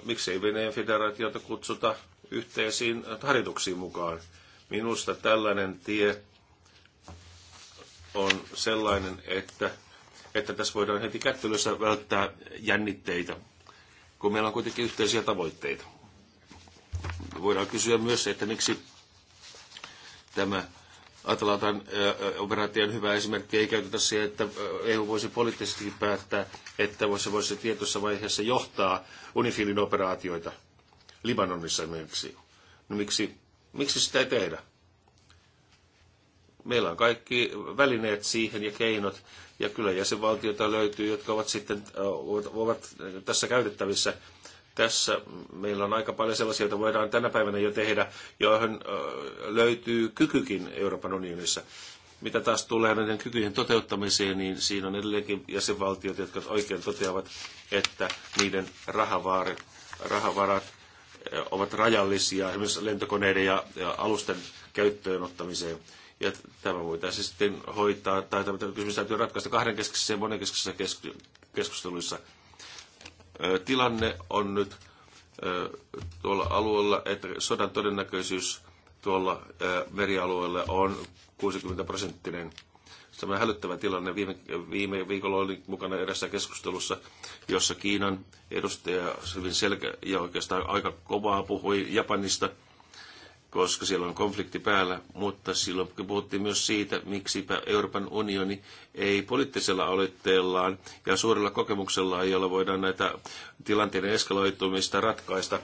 B: miksei Venäjän federaatiota kutsuta yhteisiin harjoituksiin mukaan. Minusta tällainen tie on sellainen, että, että tässä voidaan heti kättelyssä välttää jännitteitä, kun meillä on kuitenkin yhteisiä tavoitteita. Voidaan kysyä myös, että miksi Tämä Atalantan operaation hyvä esimerkki ei käytetä siihen, että EU voisi poliittisesti päättää, että se voisi tietyssä vaiheessa johtaa Unifilin operaatioita Libanonissa esimerkiksi. No miksi, miksi sitä ei tehdä? Meillä on kaikki välineet siihen ja keinot, ja kyllä jäsenvaltioita löytyy, jotka ovat sitten ovat tässä käytettävissä tässä meillä on aika paljon sellaisia, joita voidaan tänä päivänä jo tehdä, joihin löytyy kykykin Euroopan unionissa. Mitä taas tulee näiden kykyjen toteuttamiseen, niin siinä on edelleenkin jäsenvaltiot, jotka oikein toteavat, että niiden rahavaarit, rahavarat ovat rajallisia esimerkiksi lentokoneiden ja, ja alusten käyttöön ottamiseen. Ja tämä voitaisiin sitten hoitaa, tai tämä kysymys täytyy ratkaista kahdenkeskisissä ja monenkeskisissä keskusteluissa – tilanne on nyt tuolla alueella, että sodan todennäköisyys tuolla merialueella on 60 prosenttinen. Se on hälyttävä tilanne. Viime, viime viikolla olin mukana erässä keskustelussa, jossa Kiinan edustaja hyvin selkeä ja oikeastaan aika kovaa puhui Japanista – koska siellä on konflikti päällä, mutta silloin puhuttiin myös siitä, miksi Euroopan unioni ei poliittisella aloitteellaan ja suurella kokemuksella, jolla voidaan näitä tilanteiden eskaloitumista ratkaista,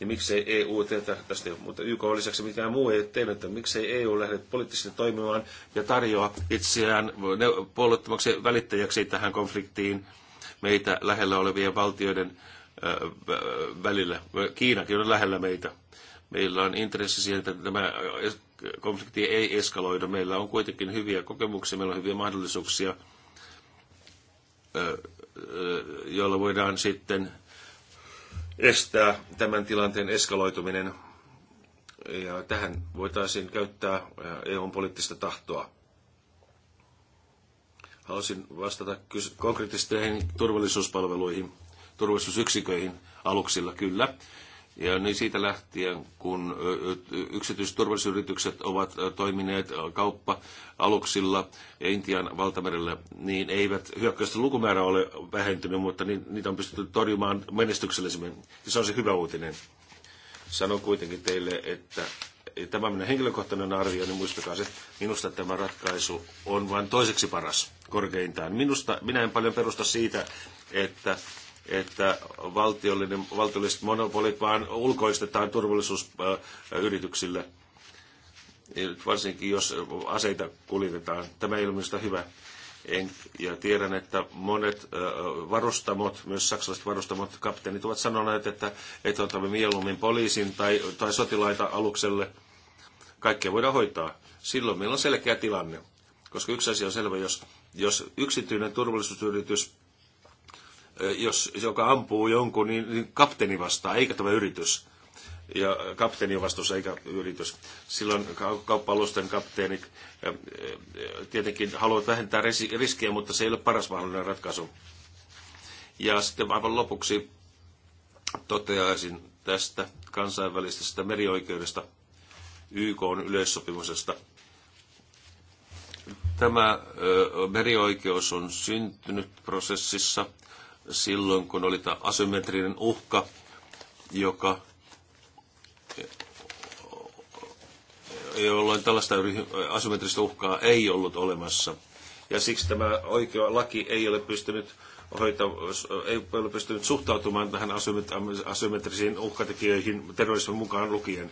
B: niin miksei EU tätä tästä, mutta YK lisäksi mikään muu ei tehnyt, että miksei EU lähde poliittisesti toimimaan ja tarjoa itseään puolueettomaksi välittäjäksi tähän konfliktiin meitä lähellä olevien valtioiden välillä. Kiinakin on lähellä meitä. Meillä on intressi siihen, että tämä konflikti ei eskaloida Meillä on kuitenkin hyviä kokemuksia, meillä on hyviä mahdollisuuksia, joilla voidaan sitten estää tämän tilanteen eskaloituminen. Ja tähän voitaisiin käyttää EUn poliittista tahtoa. Haluaisin vastata konkreettisesti turvallisuuspalveluihin, turvallisuusyksiköihin aluksilla, kyllä. Ja niin siitä lähtien, kun yksityisturvallisuusyritykset ovat toimineet kauppa-aluksilla Intian valtamerellä, niin eivät hyökkäysten lukumäärä ole vähentynyt, mutta niitä on pystytty torjumaan menestyksellisemmin. Ja se on se hyvä uutinen. Sanon kuitenkin teille, että tämä minun henkilökohtainen arvio, niin muistakaa se, minusta tämä ratkaisu on vain toiseksi paras korkeintaan. Minusta, minä en paljon perusta siitä, että että valtiollinen, valtiolliset monopolit vaan ulkoistetaan turvallisuusyrityksille, varsinkin jos aseita kuljetetaan. Tämä ei ole minusta hyvä. En, ja tiedän, että monet varustamot, myös saksalaiset varustamot, kapteenit ovat sanoneet, että, että otamme mieluummin poliisin tai, tai sotilaita alukselle. Kaikkea voidaan hoitaa. Silloin meillä on selkeä tilanne. Koska yksi asia on selvä, jos, jos yksityinen turvallisuusyritys jos, joka ampuu jonkun, niin, niin kapteeni vastaa, eikä tämä yritys. Ja kapteeni on vastuussa, eikä yritys. Silloin kauppa-alusten kapteenit tietenkin haluavat vähentää riskejä, mutta se ei ole paras mahdollinen ratkaisu. Ja sitten aivan lopuksi toteaisin tästä kansainvälisestä merioikeudesta, YK on yleissopimuksesta. Tämä merioikeus on syntynyt prosessissa, silloin, kun oli tämä asymmetrinen uhka, joka jolloin tällaista asymmetristä uhkaa ei ollut olemassa. Ja siksi tämä oikea laki ei ole pystynyt, hoita, ei ole pystynyt suhtautumaan tähän asymmetrisiin uhkatekijöihin terrorismin mukaan lukien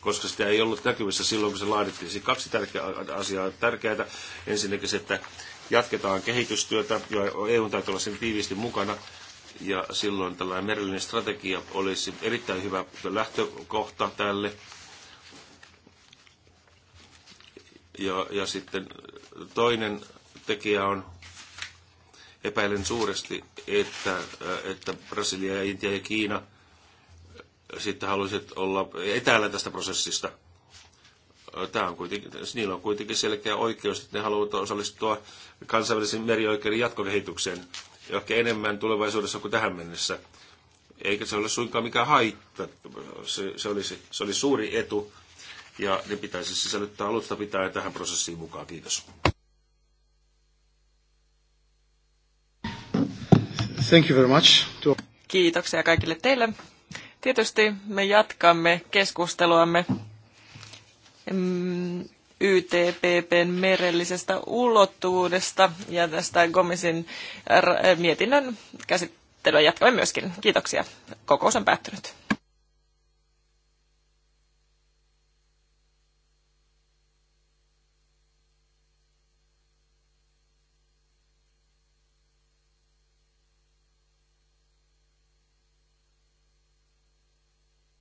B: koska sitä ei ollut näkyvissä silloin, kun se laadittiin. Siis kaksi tärkeää asiaa tärkeää. Ensinnäkin se, että jatketaan kehitystyötä ja EU täytyy olla sen tiiviisti mukana ja silloin tällainen merellinen strategia olisi erittäin hyvä lähtökohta tälle. Ja, ja sitten toinen tekijä on, epäilen suuresti, että, että Brasilia ja Intia ja Kiina sitten haluaisivat olla etäällä tästä prosessista – tämä on kuitenkin, niillä on kuitenkin selkeä oikeus, että ne haluavat osallistua kansainvälisen merioikeuden jatkokehitykseen ehkä enemmän tulevaisuudessa kuin tähän mennessä. Eikä se ole suinkaan mikään haitta, se, se, olisi, se oli suuri etu ja ne pitäisi sisällyttää alusta pitää tähän prosessiin mukaan. Kiitos.
C: Thank you very much. Kiitoksia kaikille teille. Tietysti me jatkamme keskusteluamme Mm, YTPPn merellisestä ulottuvuudesta ja tästä Gomisin mietinnön käsittelyä jatkamme myöskin. Kiitoksia. Kokous on päättynyt.